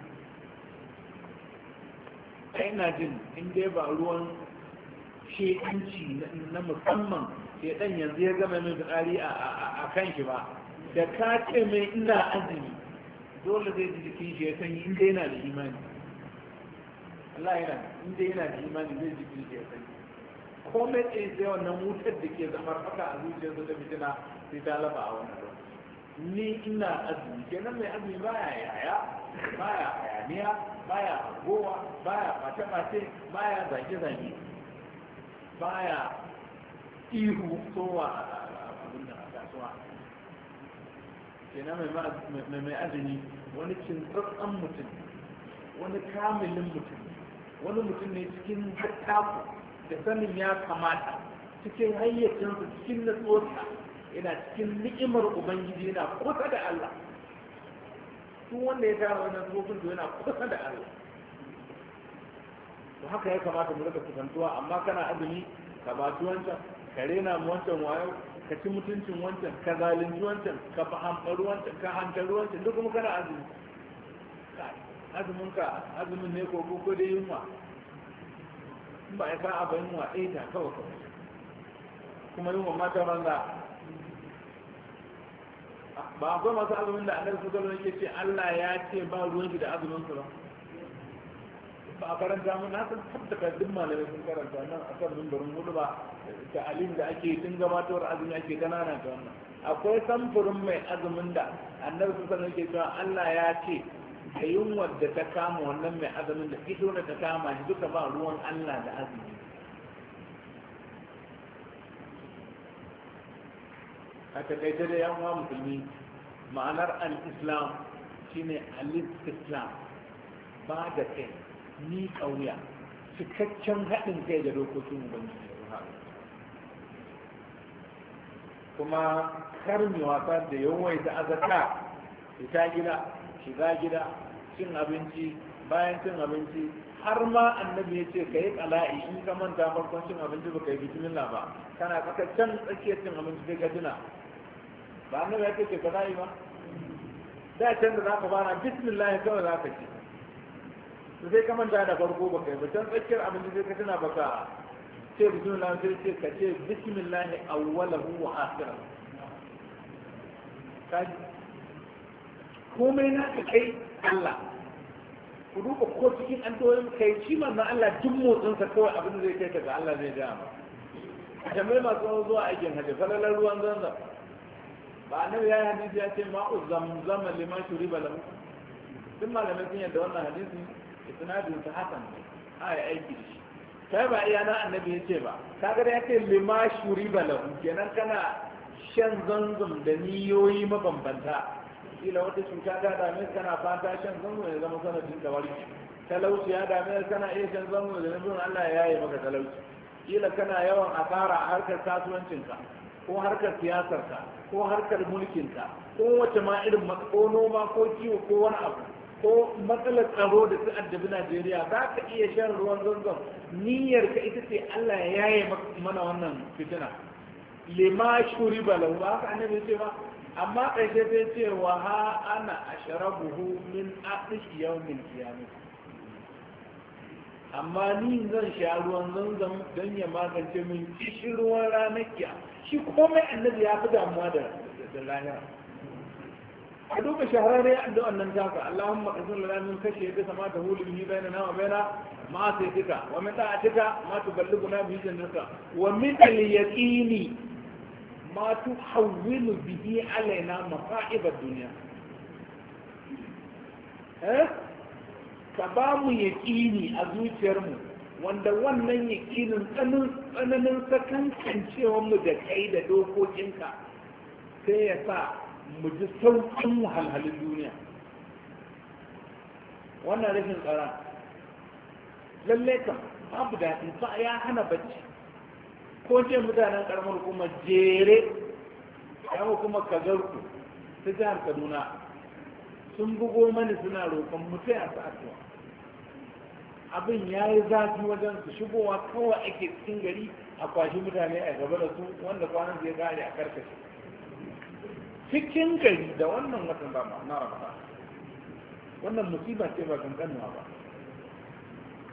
[SPEAKER 1] kai ina jin in dai ba ruwan shekanci na musamman ke dan yanzu ya gama mai fitsari a kan shi ba da ka ce mai ina azumi dole zai ji jikin shi ya sanyi in dai na da imani Allah yana inda yana da imani zai ji kirki ya sani komai tsaye sai wannan wutar da ke zamar haka a zuciyarsa da fitina sai ta laba a wannan ni ina azumi kenan mai azumi baya yaya baya hayaniya baya gowa baya face-face baya zage-zage baya ihu sowa a abin da kasuwa kenan mai azumi wani cintsatsan mutum wani kamilin mutum wani mutum ne cikin hattaku da sanin ya kamata cikin hayyacinsa cikin nasuwarsa yana cikin ni'imar ubangiji yana kusa da Allah su wanda ya tara wannan tsofin to yana kusa da Allah to haka ya kamata mu rika kusantuwa amma kana azumi ka baci wancan ka rena mu wancan wayo ka ci mutuncin wancan ka zalunci wancan ka fahimtar wancan ka hantar wancan duk kuma kana azumi ka azumin ne ko ko da yunwa in ba ya sa a yunwa ɗaya ta kawai kawai kuma yunwa mata banza ba akwai masu azumin da annabi sallallahu alaihi ce Allah ya ce ba ruwan shi da azumin su ba ba a karanta mun na san ka duk malamai sun karanta nan a kan mimbarin hudu ba ta alim da ake tun gabatar azumi ake ganana ta wannan akwai samfurin mai azumin da annabi sallallahu alaihi ke cewa Allah ya ce da yunwar da ta kama wannan mai azumin da ido da ta kama shi duka ba ruwan Allah da azumi a takaice da yan musulmi ma'anar al-islam shine al-islam ba da kai ni kauya cikakken haɗin kai da dokokin ubangiji kuma karmi wasa da yawaita azaka ita gida shiga gida cin abinci bayan cin abinci har ma annabi ya ce ka yi kala'i in ka manta farkon cin abinci ba ka yi bismillah ba kana kaka can tsakiyar cin abinci sai ka tuna ba annabi ya ce ka kala'i ba da can da za ka fara bismillah kawai za ka ci su sai ka manta da farko ba ka yi ba can tsakiyar abinci sai ka tuna ba ka ce bismillah sai ce ka ce bismillah awwalahu wa akhirahu komai na ka kai Allah ku duba ko cikin addu'o'in kai shi ma na Allah duk motsinsa kawai abin da zai kai ka ga Allah zai ga ma kamar masu zuwa aikin hajji falalar ruwan zanzan ba annabi ya yi hadisi ya ce ma'u zamzama liman shuriba lahu duk malamai sun yadda wannan hadisi isnadin ta hasan ne a ya aiki da shi kai ba iya na annabi ya ce ba kaga ya ce lima shuriba lahu kenan kana shan zanzam da niyoyi mabambanta kila wata cuta ta dame kana fata shan zango ya zama sanadin da kawari talauci ya dame kana iya shan zango da nufin Allah ya yi maka talauci kila kana yawan asara a harkar kasuwancinka ko harkar siyasarka ko harkar mulkinka ko wace ma irin ko noma ko kiwo ko wani abu ko matsalar tsaro da su addabi Najeriya za ka iya shan ruwan zangon niyyar ka ita ce Allah ya yaye mana wannan fitina lima shuri balahu ba haka annabi ce ba amma ƙarshe sai ce cewa, ha ana asharabuhu min aqishi yawmin qiyamah amma ni zan sha ruwan zanzan don ya magance min kishi ruwan ranar kiya shi komai annabi ya fi damuwa da lahira a duka shahararren addu'an nan taka Allahumma qasir lana min kashe da sama ta hulu bihi bainana wa bayana ma tika wa min tika ma tuballighuna bihi jannata wa min al-yaqini ما تحول به علينا مصائب الدنيا eh ka ba mu yaƙini a mu wanda wannan yaƙinin tsananin sakankancewar mu da kai da dokokinka sai ya sa mu ji sauƙin wahalhalin duniya wannan rashin tsara lallai kan babu daɗin sa ya hana bacci ko ce mutanen karamar kuma jere karamar kuma kagarku ta jihar kaduna sun bugo mani suna roƙon mutum a sa'atuwa abin ya yi zafi wajen su shigowa kawai ake cikin gari a kwashi mutane a gaba da su wanda kwanan zai kare a karkashi cikin gari da wannan watan ba ma'ana ba wannan musiba ce ba kankanuwa ba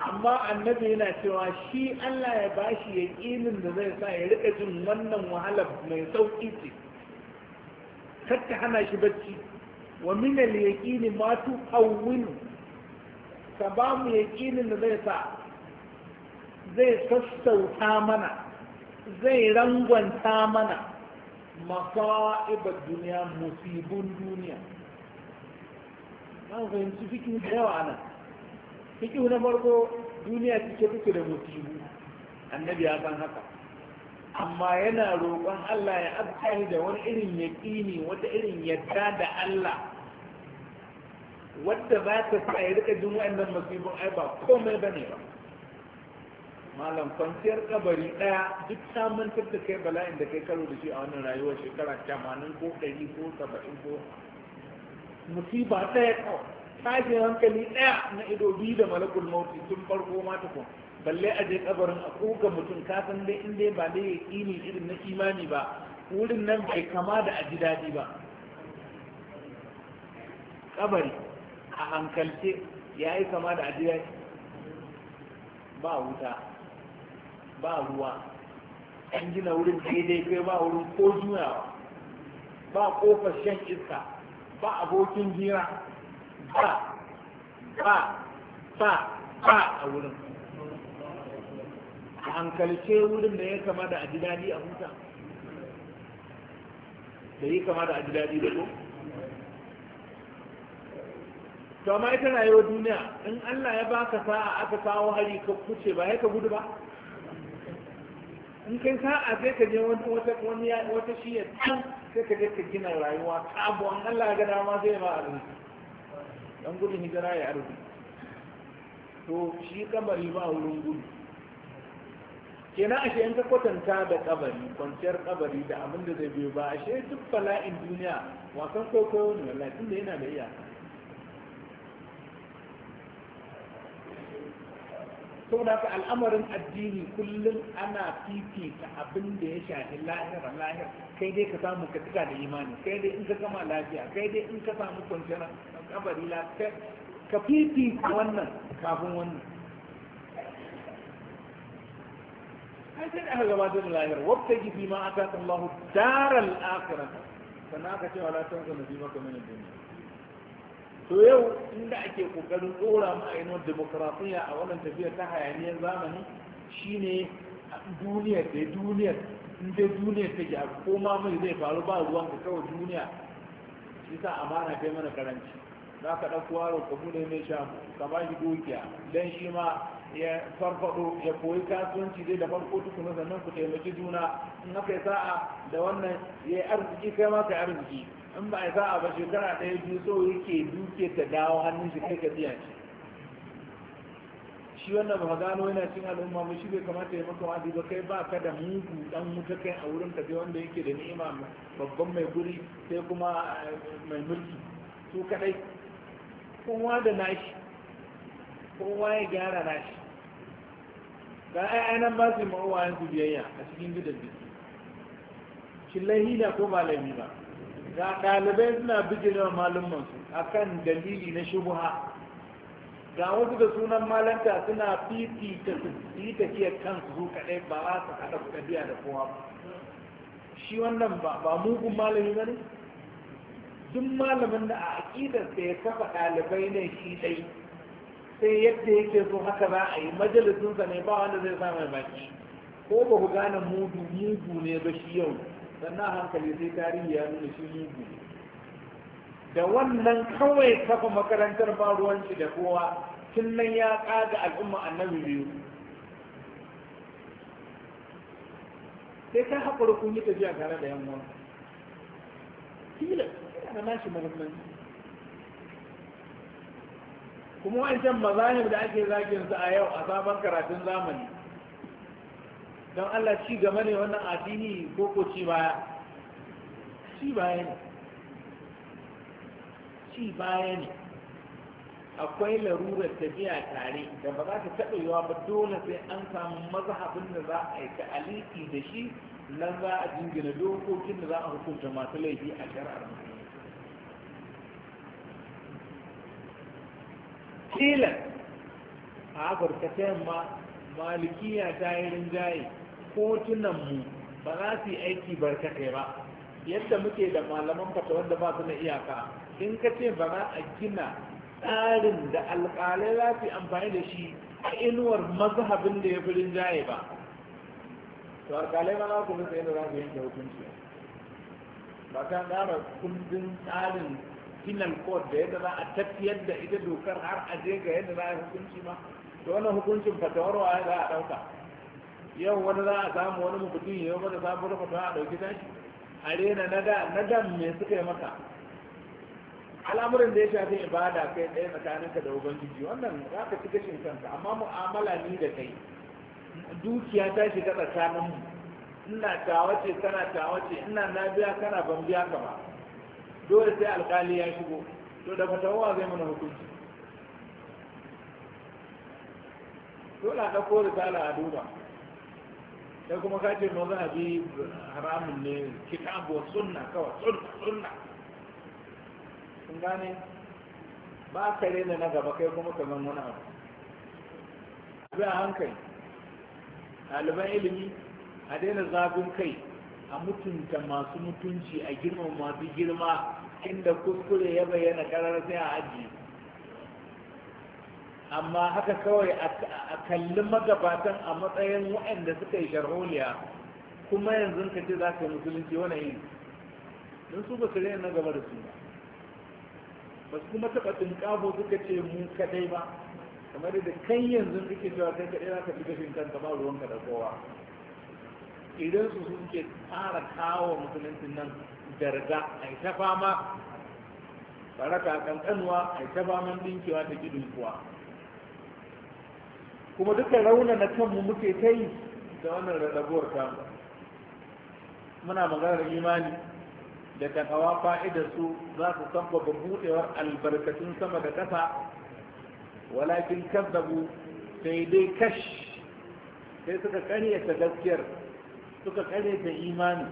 [SPEAKER 1] amma annabi yana cewa shi Allah ya bashi yaƙinin da zai sa ya rika jin wannan wahala mai sauki ce katta hana shi bacci wa min al yaqini ma tu qawwin ka ba mu yaƙinin da zai sa zai sassauta mana zai rangwanta mana masa'ibar duniya musibin duniya ba fahimci fikin da yawa nan fiƙihu na farko duniya cike take da musibu annabi ya san haka amma yana roƙon Allah ya abtahi da wani irin yaƙini wata irin yadda da Allah wadda ba ta sa ya rika jin wa'annan musibin ai ba komai bane ba malam kwanciyar kabari ɗaya duk samun da kai bala'in da kai karo da shi a wannan rayuwar shekara 80 ko 100 ko 70 ko musiba ɗaya kawai tashin hankali ɗaya na ido biyu da malakul mauti tun farko ma tukun balle a je kabarin a kuka mutum ka san dai in dai ba dai yaƙini irin na imani ba wurin nan bai kama da a ji daɗi ba kabari a hankalce ya yi kama da a ji daɗi ba wuta ba ruwa an gina wurin daidai kai ba wurin ko juyawa ba kofar shan iska ba abokin jira ba ba ba ba a wurin a hankalce wurin da ya kama da ajidadi daɗi a huta da yi kama da ajidadi daɗi da ko to amma ita rayuwar duniya in Allah ya baka sa'a aka kawo hari ka kuce ba ya ka gudu ba in kai sa'a sai ka je wani wata wani wata shi ya can sai ka je ka gina rayuwa sabuwan Allah ya ga dama zai ba a rinsu dan gudun hijira ya arzu to shi kabari ba wurin gudu na ashe in ka kwatanta da kabari kwanciyar kabari da abin da zai biyo ba ashe duk bala'in duniya wasan kwaikwayo ne wallahi tunda yana da iyaka saboda haka al'amarin addini kullum ana fifita abin da ya shafi lahira lahir kai dai ka samu ka tuka da imani kai dai in ka kama lafiya kai dai in ka samu kwanciyar kabari lafiya ka fifita wannan kafin wannan ai sai da aka gabatar da lahira wata jifi ma aka kan lahu daral akirata sannan aka ce wa lafiya ka nufi maka mana duniya to yau inda ake kokarin tsora ma'ainon demokrasiyya a wannan tafiyar ta hayaniyar zamani shine duniyar da duniyar in dai duniyar take a koma mai zai faru ba ruwan ka kawai duniya shi sa amana kai mana karanci za ka ɗauko yaro ka bude mai sha ka ba shi dukiya dan shi ma ya farfado ya koyi kasuwanci zai da farko tukuna sannan ku taimaki juna in haka sa'a da wannan ya yi arziki kai ma ka arziki in ba a ba shekara ɗaya biyu so yake duke ta dawo hannun shi kai ka biya shi shi wannan ba gano yana cin al'umma mu shi bai kamata ya maka wa'azi ba kai ba ka da mugu dan wuta kai a wurin ka wanda yake da ni'ima babban mai guri sai kuma eh, mai mulki su kadai kowa da nashi kowa ya gyara nashi ga ayyanan ba su ma'uwa yanzu biyayya a cikin gidan biki shi lahila ko ba laifi ba ga ɗalibai suna bijirar a akan dalili na shubuha ga wasu da sunan malanta suna fifita su yi tafiyar kansu su kaɗai ba za su haɗa kuɗaɗiya da kowa ba shi wannan ba mugun malami ba ne duk malamin da a aƙidar da ya kafa ɗalibai ne shi ɗai sai yadda yake so haka za a yi majalisinsa ne ba wanda zai sa mai baki ko ba ku gane mudu mugu ne ba shi yau sannan hankali sai tarihi ya nuna shi mugu da wannan kawai kafa makarantar ba da kowa tun nan ya kaga al'umma annabi biyu sai ka haƙura kun yi tafiya tare da yan uwan kila na da nashi muhimmanci kuma wancan mazahib da ake zagin su a yau a sabon karatun zamani don Allah ci gaba ne wannan addini ko ko ci baya ci baya ne ci baya ne akwai larurar tafiya tare da ba za ta taɓa yiwa ba dole sai an samu mazhabin da za a yi aliki da shi nan za a jingina dokokin da za a hukunta masu laifi a shari'ar tilas a afirka ta yamma malikiya ta yi rinjaye mu ba za su yi aiki barkatai ba yadda muke da malaman fata wanda ba su na iyaka in ka ce ba za a gina tsarin da alƙalai za su yi amfani da shi a inuwar mazhabin da ya fi rinjaye ba to alƙalai ma za ku rasa yadda za su yanke hukunci ba ta ƙara kundin tsarin penal code da yadda za a tafiyar da ita dokar har a je ga yadda za a hukunci ba to wannan hukuncin fatawar wa za a ɗauka yau wani za a samu wani mutum ya yi wata sabuwar ta a ɗauki tashi a rena na dam me suka yi maka al'amuran da ya shafi ibada kai ɗaya ka da ubangiji wannan za ka ci gashin kanka amma mu'amala ni da kai dukiya ta shiga tsakanin mu. ina tawace kana tawace ina na biya kana ban biya ka ba dole sai alkali ya shigo to da fatawa zai mana hukunci dole a ɗauko risala a duba sai kuma ka ce mazhabi haramun ne kitabu wa sunna kawai sunna sunna kun gane ba ka rena na gaba kai kuma ka zan wani abu bi a hankali ɗaliban ilimi a daina zagun kai a mutunta masu mutunci a girma masu girma inda kuskure ya bayyana ƙarar sai a ajiye amma haka kawai a kalli magabatan a matsayin waɗanda suka yi sharholiya kuma yanzu ka ce za ka yi musulunci wani yi don su ba su na gaba da su ba ba su kuma taɓa tunƙabo suka ce mu kaɗai ba kamar da kan yanzu suke cewa kai kaɗai za ka fi gashin kanka ba ruwanka da kowa idan su suke fara kawo musuluncin nan darga a yi ta fama baraka kankanuwa a yi ta faman ɗinkewa ta gidin kuwa kuma duka rauna na kanmu muke ta yi da wannan rarrabuwar tamu muna maganar imani da hawa fa'idar su za su sabbaba buɗewar albarkatun sama da ƙasa walakin kazzabu sai dai kash sai suka ƙaryata gaskiyar suka ƙaryata imani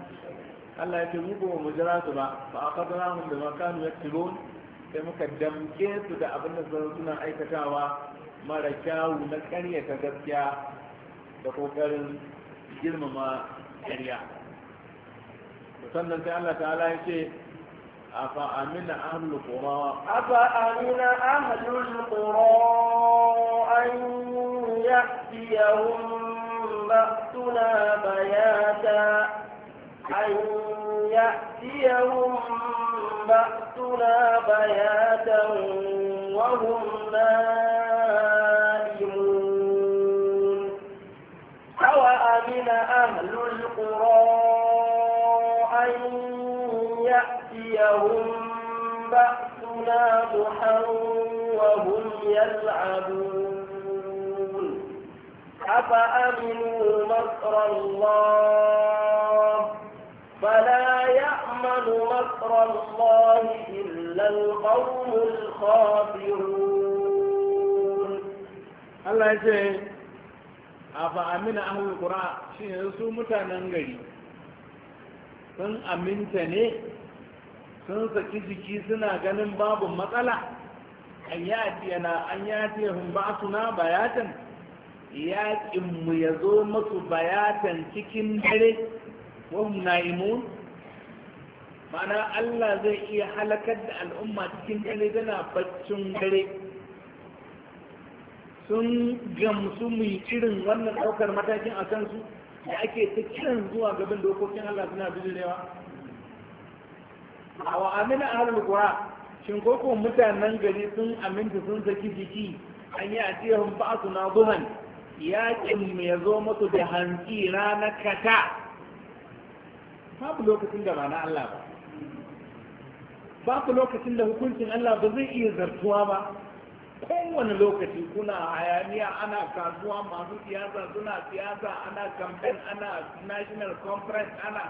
[SPEAKER 1] Allah ya ce mu ba mu jira su ba ba a fa aqadnahum bima kanu yaktubun sai muka damke su da abin da suna aikatawa mara kyawu na ƙarya ta gaskiya da ƙoƙarin girmama ƙarya sannan sai Allah ta'ala ya ce a fa'amina ahlul qura
[SPEAKER 2] afa amina ahlul qura an ya'tiyahum ba'tuna bayata an ya'tiyahum ba'tuna bayatan wa hum la أهل القرى أن يأتيهم بأسنا ضحى وهم يلعبون أفأمنوا مكر الله فلا يأمن مكر الله إلا القوم الخاسرون
[SPEAKER 1] الله يجزيك afa amina ahlul qura shine su mutanen gari sun aminta ne sun saki jiki suna ganin babu matsala an yatiyana an yatiyahum ba'suna bayatan Yaƙinmu mu ya zo masu bayatan cikin dare wahum na'imun ma'ana Allah zai iya halakar da al'umma cikin dare tana baccin dare sun gamsu mu irin wannan ɗaukar matakin a kansu da ake ta kiran zuwa gaban dokokin Allah suna bijirewa a wa amina ahlul qura shin ko ko mutanen gari sun aminta sun saki jiki an yi atiyahum ba'su naduhan yakin mu yazo musu da na rana kata babu lokacin da ba na Allah ba babu lokacin da hukuncin Allah ba zai iya zartuwa ba kowane lokaci kuna hayaniya ana kasuwa masu siyasa suna siyasa ana campaign ana national conference ana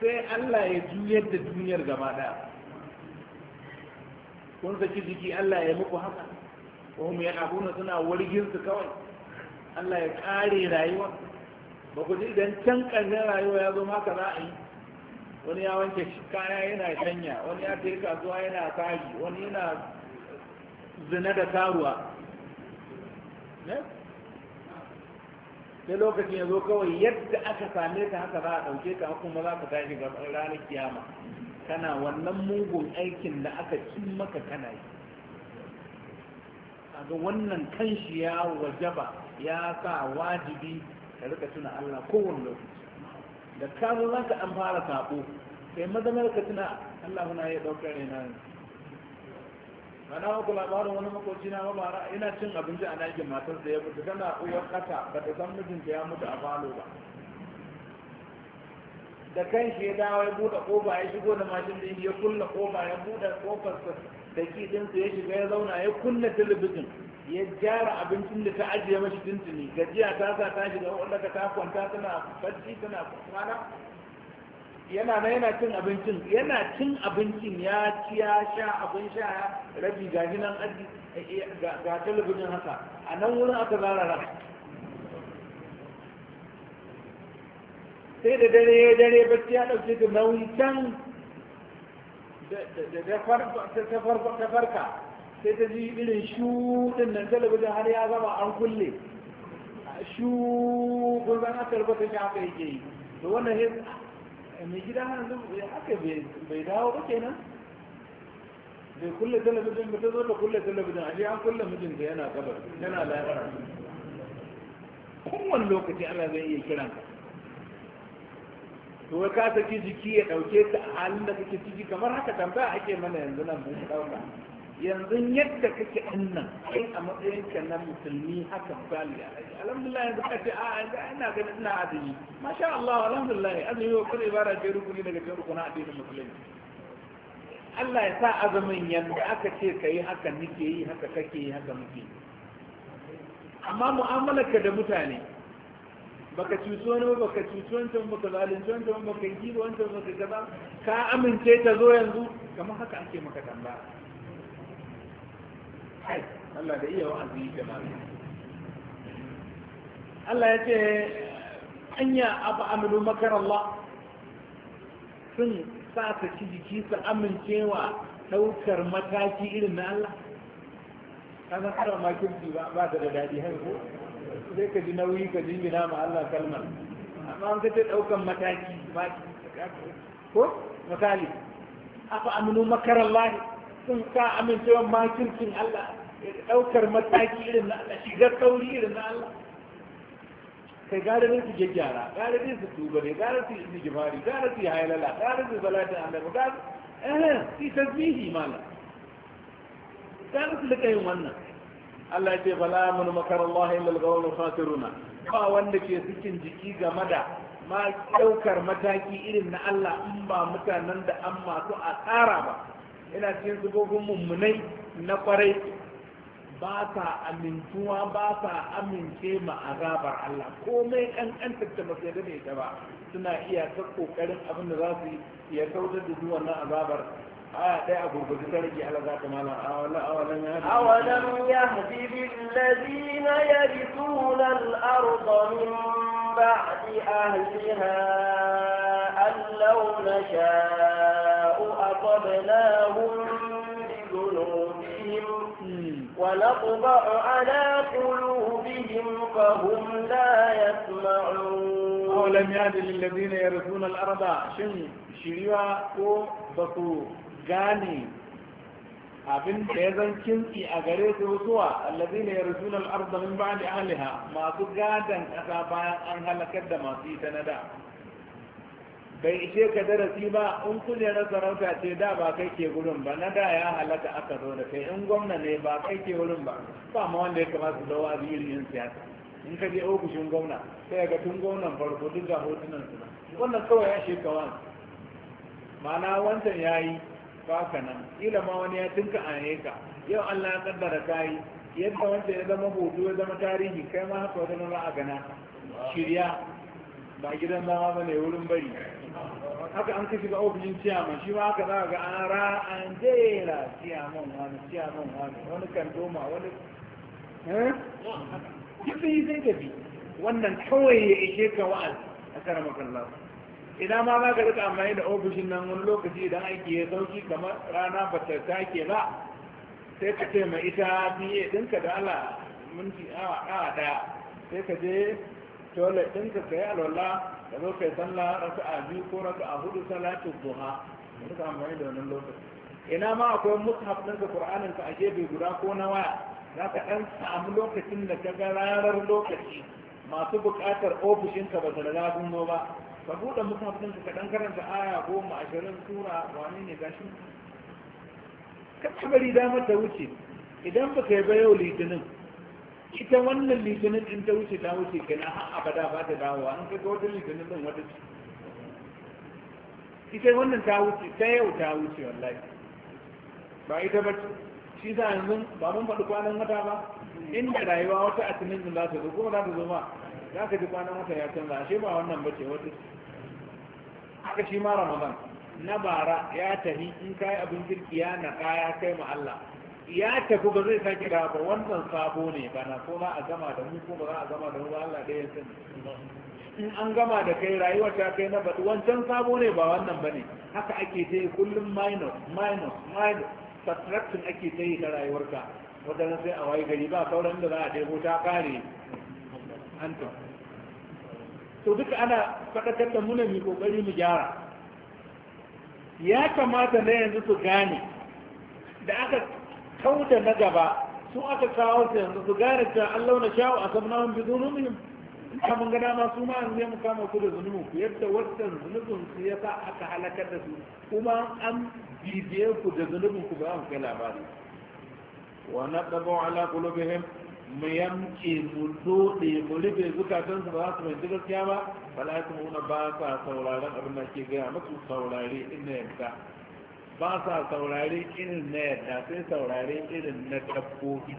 [SPEAKER 1] sai Allah ya juyar da duniyar gaba daya kun saki jiki Allah ya muku haka kuma mai abuna suna wargin su kawai Allah ya kare rayuwa ba ku ji idan can ƙarshen rayuwa ya zo maka za a yi wani ya wanke kaya yana shanya wani ya kasuwa yana tagi wani yana zina da karuwa sai lokacin ya zo kawai yadda aka same ta haka za a ɗauke ka kuma za ka tashi ga ranar kiyama kana wannan mugun aikin da aka cin maka kana yi ga wannan kanshi ya wajaba ya sa wajibi ka rika tuna Allah kowane lokaci da ka za ka an fara sabo sai mazamar ka tuna Allah muna ya ɗaukar yana yanzu mana muku labarin wani makoci na mabara ina cin abinci a nakin matar da ya mutu tana uwar kasa ba ta san mijinta ya mutu a falo ba da kan shi ya dawo ya buɗe kofa ya shigo da mashin ɗin ya kulle ƙofa ya buɗe ƙofarsa da ki ɗinsa ya shiga ya zauna ya kulle talabijin ya gyara abincin da ta ajiye mashi tuntuni gajiya ta sa ta shiga ka ta kwanta tana bacci tana kwana yana na yana cin abincin yana cin abincin ya ci ya sha abin sha rabi ga nan aji eh, eh, ga talabijin haka a nan wurin aka zarara sai da dare ya dare bacci ya ɗauke da nauyi can da ta farka sai ta ji irin shuɗin nan talabijin har ya zama an kulle shu zan aka rubuta shi haka yake yi da wannan mai gida hana zuwa haka bai dawo ba kenan bai kulle talabijin ba ta zo da kulle talabijin aje an kulle mijinta yana kabar yana lahira kowane lokaci Allah zai iya kiran ka to ka saki jiki ya dauke ta a halin da kake ciki kamar haka tambaya ake mana yanzu nan mun dauka yanzu yadda kake annan kai a matsayin ka na musulmi haka bali alhamdulillah yanzu kace a ina ganin ina azumi masha Allah alhamdulillah azumi ko kuma ibara ce rukuni daga cikin rukuna addinin musulmi Allah ya sa azumin yanda aka ce kai haka nake yi haka kake yi haka muke amma mu'amalarka da mutane baka cuci wani ba baka cuci ta baka zalunci wancan baka yi wancan baka gaba ka amince ta zo yanzu kamar haka ake maka tambaya Allah da iya wa'azi Allah ya ce anya abu amilu makar Allah sun sa ta ci jiki su amincewa ɗaukar mataki irin na Allah kana kada makin ba ba ta da daɗi hanko sai ka ji nauyi ka gina ma Allah kalmar amma an kace ɗaukar mataki ba ko misali afa aminu makar Allah sun ka amincewa makircin Allah ɗaukar mataki irin na Allah shigar kauri irin na Allah kai gare ne su gyara, gare ne su tuba ne gara su yi jimari gara su yi hailala gara su zalatin annabi gara eh su tasbihi mana gara su lika yin wannan Allah ce bala mun makar Allah illa al-qawlu khasiruna ba wanda ke cikin jiki game da ma ɗaukar mataki irin na Allah in ba mutanen da an masu a tsara ba ina cikin sifofin mummunai na kwarai ba sa amintuwa ba sa amince ma a azabar Allah komai ɗan ɗan tattaba masu yadda da ita ba suna iya ta ƙoƙarin abin da za su yi ya kautar da zuwa na azabar aya ɗaya a gurgurzu ta rage ala za ta mala awalan ya awalan
[SPEAKER 2] ya na ya lillazina tunan al ba a ɗi ahliha an law nashaa أصبناهم بذنوبهم ونطبع على قلوبهم فهم لا يسمعون
[SPEAKER 1] أولم يهد للذين يرثون الأرض شن شريوا كو بسو غاني abin da ya zan kintsi a gare su zuwa allazi ne ya rasu al'arda min ba'di ahliha masu gadan kasa bayan an halakar da masu ita na da bai ishe ka darasi ba in na sarauta ce da ba kai ke gudun ba na da ya halaka aka zo da kai in gwamna ne ba kai ke wurin ba ba ma wanda ya kamata su dawa zirin yin siyasa in ka je ofishin gwamna sai ga tun gwamnan farko duk ga hotunan su wannan kawai ya shi kawan mana wancan ya yi baka nan kila ma wani ya tunka a ka yau allah ya kaddara ka yi yadda wancan ya zama hoto ya zama tarihi kai ma haka wajen nan a gana shirya ba gidan zama ba ne wurin bari haka an kashi ga ofishin ciyaman shi ma haka za ga an ra an jera ciyaman wani ciyaman wani wani kan doma wani eh? duk yi zai tafi wannan kawai ya ishe ka wa'az a kara makallar idan ma za ka rika amfani da ofishin nan wani lokaci idan aiki ya sauki kamar rana ba ta take ba sai ka ce mai ita biye ɗinka da ala minti awa ɗaya sai ka je Tole, ɗinka ka kai alwala da zo kai sallah raka a biyu ko raka a hudu salatin duha da suka da wannan lokaci ina ma akwai mushaf ka qur'anin ka a gefe guda ko na waya za ka ɗan samu lokacin da ka ga ranar lokaci masu buƙatar ofishinka ba su riga zo ba ka buɗe mushaf din ka ɗan karanta aya goma ashirin sura wani ne gashi ka bari damar ta wuce idan ba kai ba yau litinin ita wannan litinin in ta wuce ta wuce kenan har abada ba ta dawowa an kaga wata litinin din wata ce ita wannan ta wuce ta yau ta wuce wallahi ba ita ba shi a yanzu ba mun faɗi kwanan wata ba inda rayuwa wata atinin din za ta zo kuma za ta zo ma za ka ji kwanan wata ya canza ashe ba wannan ba ce wata haka shi ma ramadan na bara ya tafi in kai abin kirki ya na kaya kai ma Allah ya tafi ba zai sake da ba wannan sabo ne ba na ba a gama da mu ko ba za a gama da mu Allah da ya in an gama da kai rayuwa ta kai na baɗi wancan sabo ne ba wannan ba ne haka ake ta yi kullum minus minus minus subtraction ake ta yi ta rayuwarka wadanda sai a waye gari ba sauran da za a ɗebo ta kare an to to duka ana faɗakar da mu ne mu kokari mu gyara ya kamata na yanzu su gane da aka kau na gaba su aka kawo su yanzu su gane ta an launa shawo a sabna wani bi zunubin ka mun gada ma su ma zai mu kama ku da zunubin ku yadda wannan zunubin su ya sa aka halakar da su kuma an bibiye ku da zunubin ku ba an kai labari wa na ala kulubihim mu mu dode mu rufe zukatansu ba su mai gaskiya ba fala ya kuma ba sa sauraron abin da ke gaya musu saurare ina yanta ba sa saurari irin na yadda sai saurari irin na dabbobi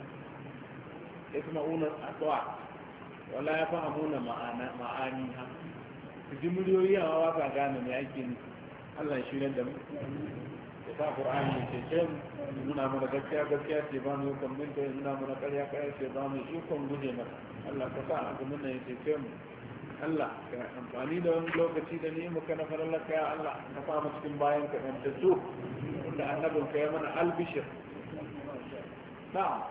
[SPEAKER 1] isma'una atwa wala ya fi ma'ana ma'ani ha su ji muryoyi amma ba sa gane mai ake ni Allah shi nan da mutu ya sa Qur'ani ya ce nuna mana gaskiya gaskiya ce ba mu kan ya nuna mana ƙarya ƙarya ce ba mu shi kon guje mata Allah ka sa a gumin na ya ce mu Allah ka amfani da wani lokaci da nemi ka na farar laka ya Allah ka samu cikin bayan ka ɗan tattu da annabin ka ya mana albishir na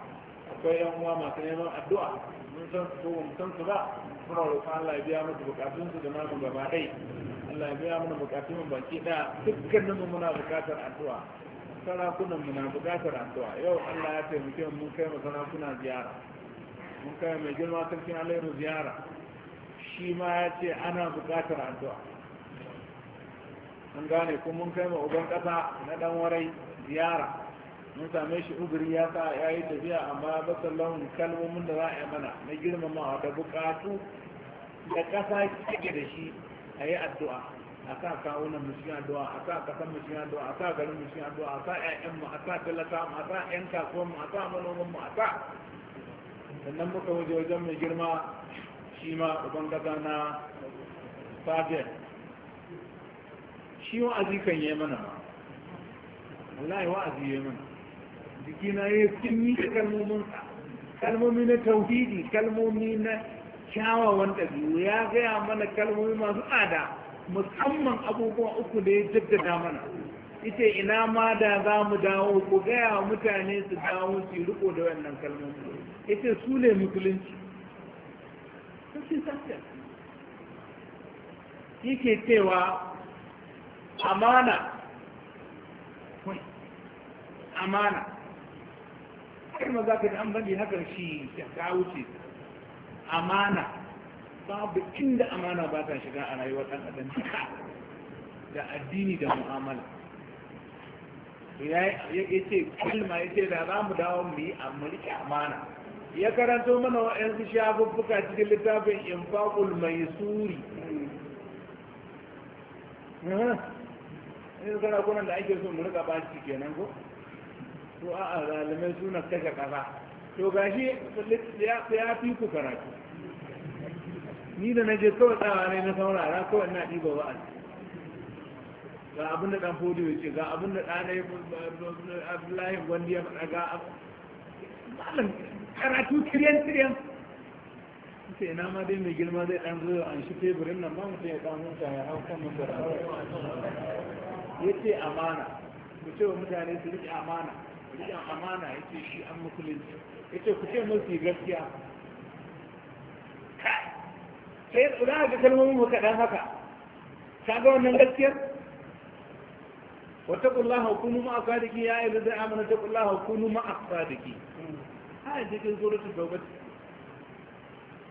[SPEAKER 1] akwai yan uwa masu neman addu'a mun san su ko mun san su ba muna roƙon Allah ya biya musu bukatunsu da namu gaba ɗai Allah ya biya mana bukatun mu baki ɗaya dukkanin mu muna bukatar addu'a sarakunan mu na bukatar addu'a yau Allah ya taimake mu mun kai mu sarakuna ziyara mun kai mai girma sarkin alairu ziyara shi ma ya ce ana bukatar addu'a an gane kuma mun kai ma uban ƙasa na dan warai ziyara mun same shi uguri ya sa ya yi tafiya amma ba sallon kalmomin da za a yi mana na girmamawa da buƙatu da ƙasa ke da shi a yi addu'a a sa kawunan mu cikin addu'a a sa kasan mu cikin addu'a a sa garin mu cikin addu'a a sa ƴaƴan mu a sa talaka mu a sa ƴan kasuwan mu a sa manoman mu a sa sannan muka waje wajen mai girma shi ma uban na fagel shi wa'azi kan yi mana wallahi wa'azi yi mana jiki na yi kinni yi kalmomin kalmomi na tauhidi kalmomi na kyawawan ɗabi'u ya gaya mana kalmomi masu tsada musamman abubuwa uku da ya jaddada mana ita ina ma da za mu dawo ku gaya wa mutane su dawo su riko da wannan kalmomi ita su ne musulunci cikin sassan yake cewa amana amana kuma za ka yi an bandi haka shi ta wuce amana babu inda amana ba ta shiga a rayuwar ɗan adam da addini da mu'amala ya ce kalma ya ce da za mu dawo mu yi amurka amana ya karanto mana wa'yansu shafuffuka cikin littafin infaqul mai suri ne kana kunan da ake so mu rika baci kenan ko to a'a zalimai suna kashe kasa to gashi ya fi ku karatu ni da na je kawai tsawa ne na saurara kawai na ɗiba wa'azi ga abin da ɗan fodi ya ce ga abin da ɗanayi abdullahi gwandi ya ga malam karatu kiryan kiryan sai na ma dai mai girma zai dan zo an shi teburin nan ba mutum ya dan ta ya hau kan mun bara ya ce amana ku ce wa mutane su riƙe amana riƙe amana ya ce shi an musulunci ya ce ku ce musu gaskiya sai za a ga kalmomin mu kaɗan haka ka ga wannan gaskiyar wata kullaha kunu ma'a sadiki ya yi zai amana ta kullaha kunu ma'a sadiki wallahi sai kin zo da shugabati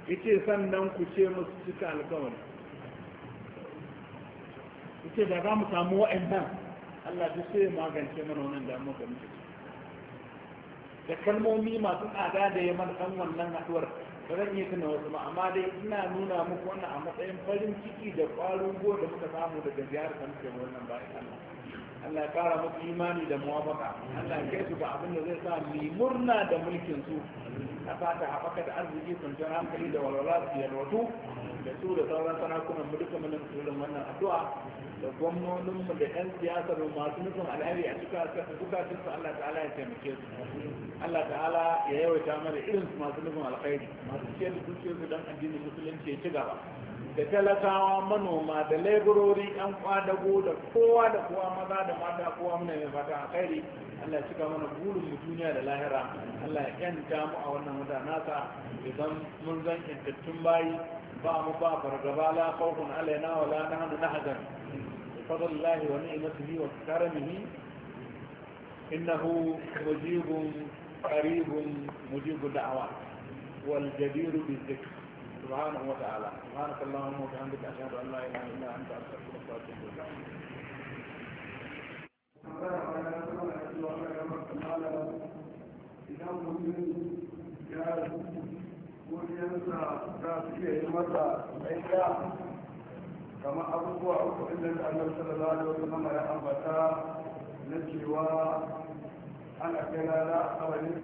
[SPEAKER 1] yace sannan ku ce musu cika alƙawari yace da za mu samu wa'annan Allah duk sai magance mana wannan da muke da kalmomi masu tsada da ya mana wannan haduwar ba zan iya tuna wasu ba amma dai ina nuna muku wannan a matsayin farin ciki da ƙwarin go da muka samu daga ziyarar da muke wannan bayan Allah Allah ya kara musu imani da muwafaka Allah ya kai su ga abin da zai sa mu murna da mulkin su a fata haɓaka da arziki sun kwanciyar hankali da walwala su rotu da su da sauran sarakunan mu duka mun tsoron wannan addu'a da gwamnonin mu da yan siyasar mu masu nufin alheri a duka dukkan su Allah ta'ala ya taimake su Allah ta'ala ya yawaita mana irin su masu nufin alheri masu ciyar da dukiyar su dan addinin musulunci ya ci gaba da talakawa manoma da laborori yan kwadago da kowa da kowa maza da mata kowa muna mai fata a kairi Allah ya cika mana burin mu duniya da lahira Allah ya yanta mu a wannan wata nasa idan mun zan kintattun bayi ba mu ba fargaba la khawfun alaina wa la nahnu nahzan fadlillahi wa ni'matihi wa karamihi innahu mujibun qaribun mujibu da'wa wal jadir bil سبحانه وتعالى سبحانك اللهم وبحمدك اشهد ان لا اله الا انت استغفرك واتوب
[SPEAKER 2] اليك ya yi abubuwa uku inda da annabi ya ambata a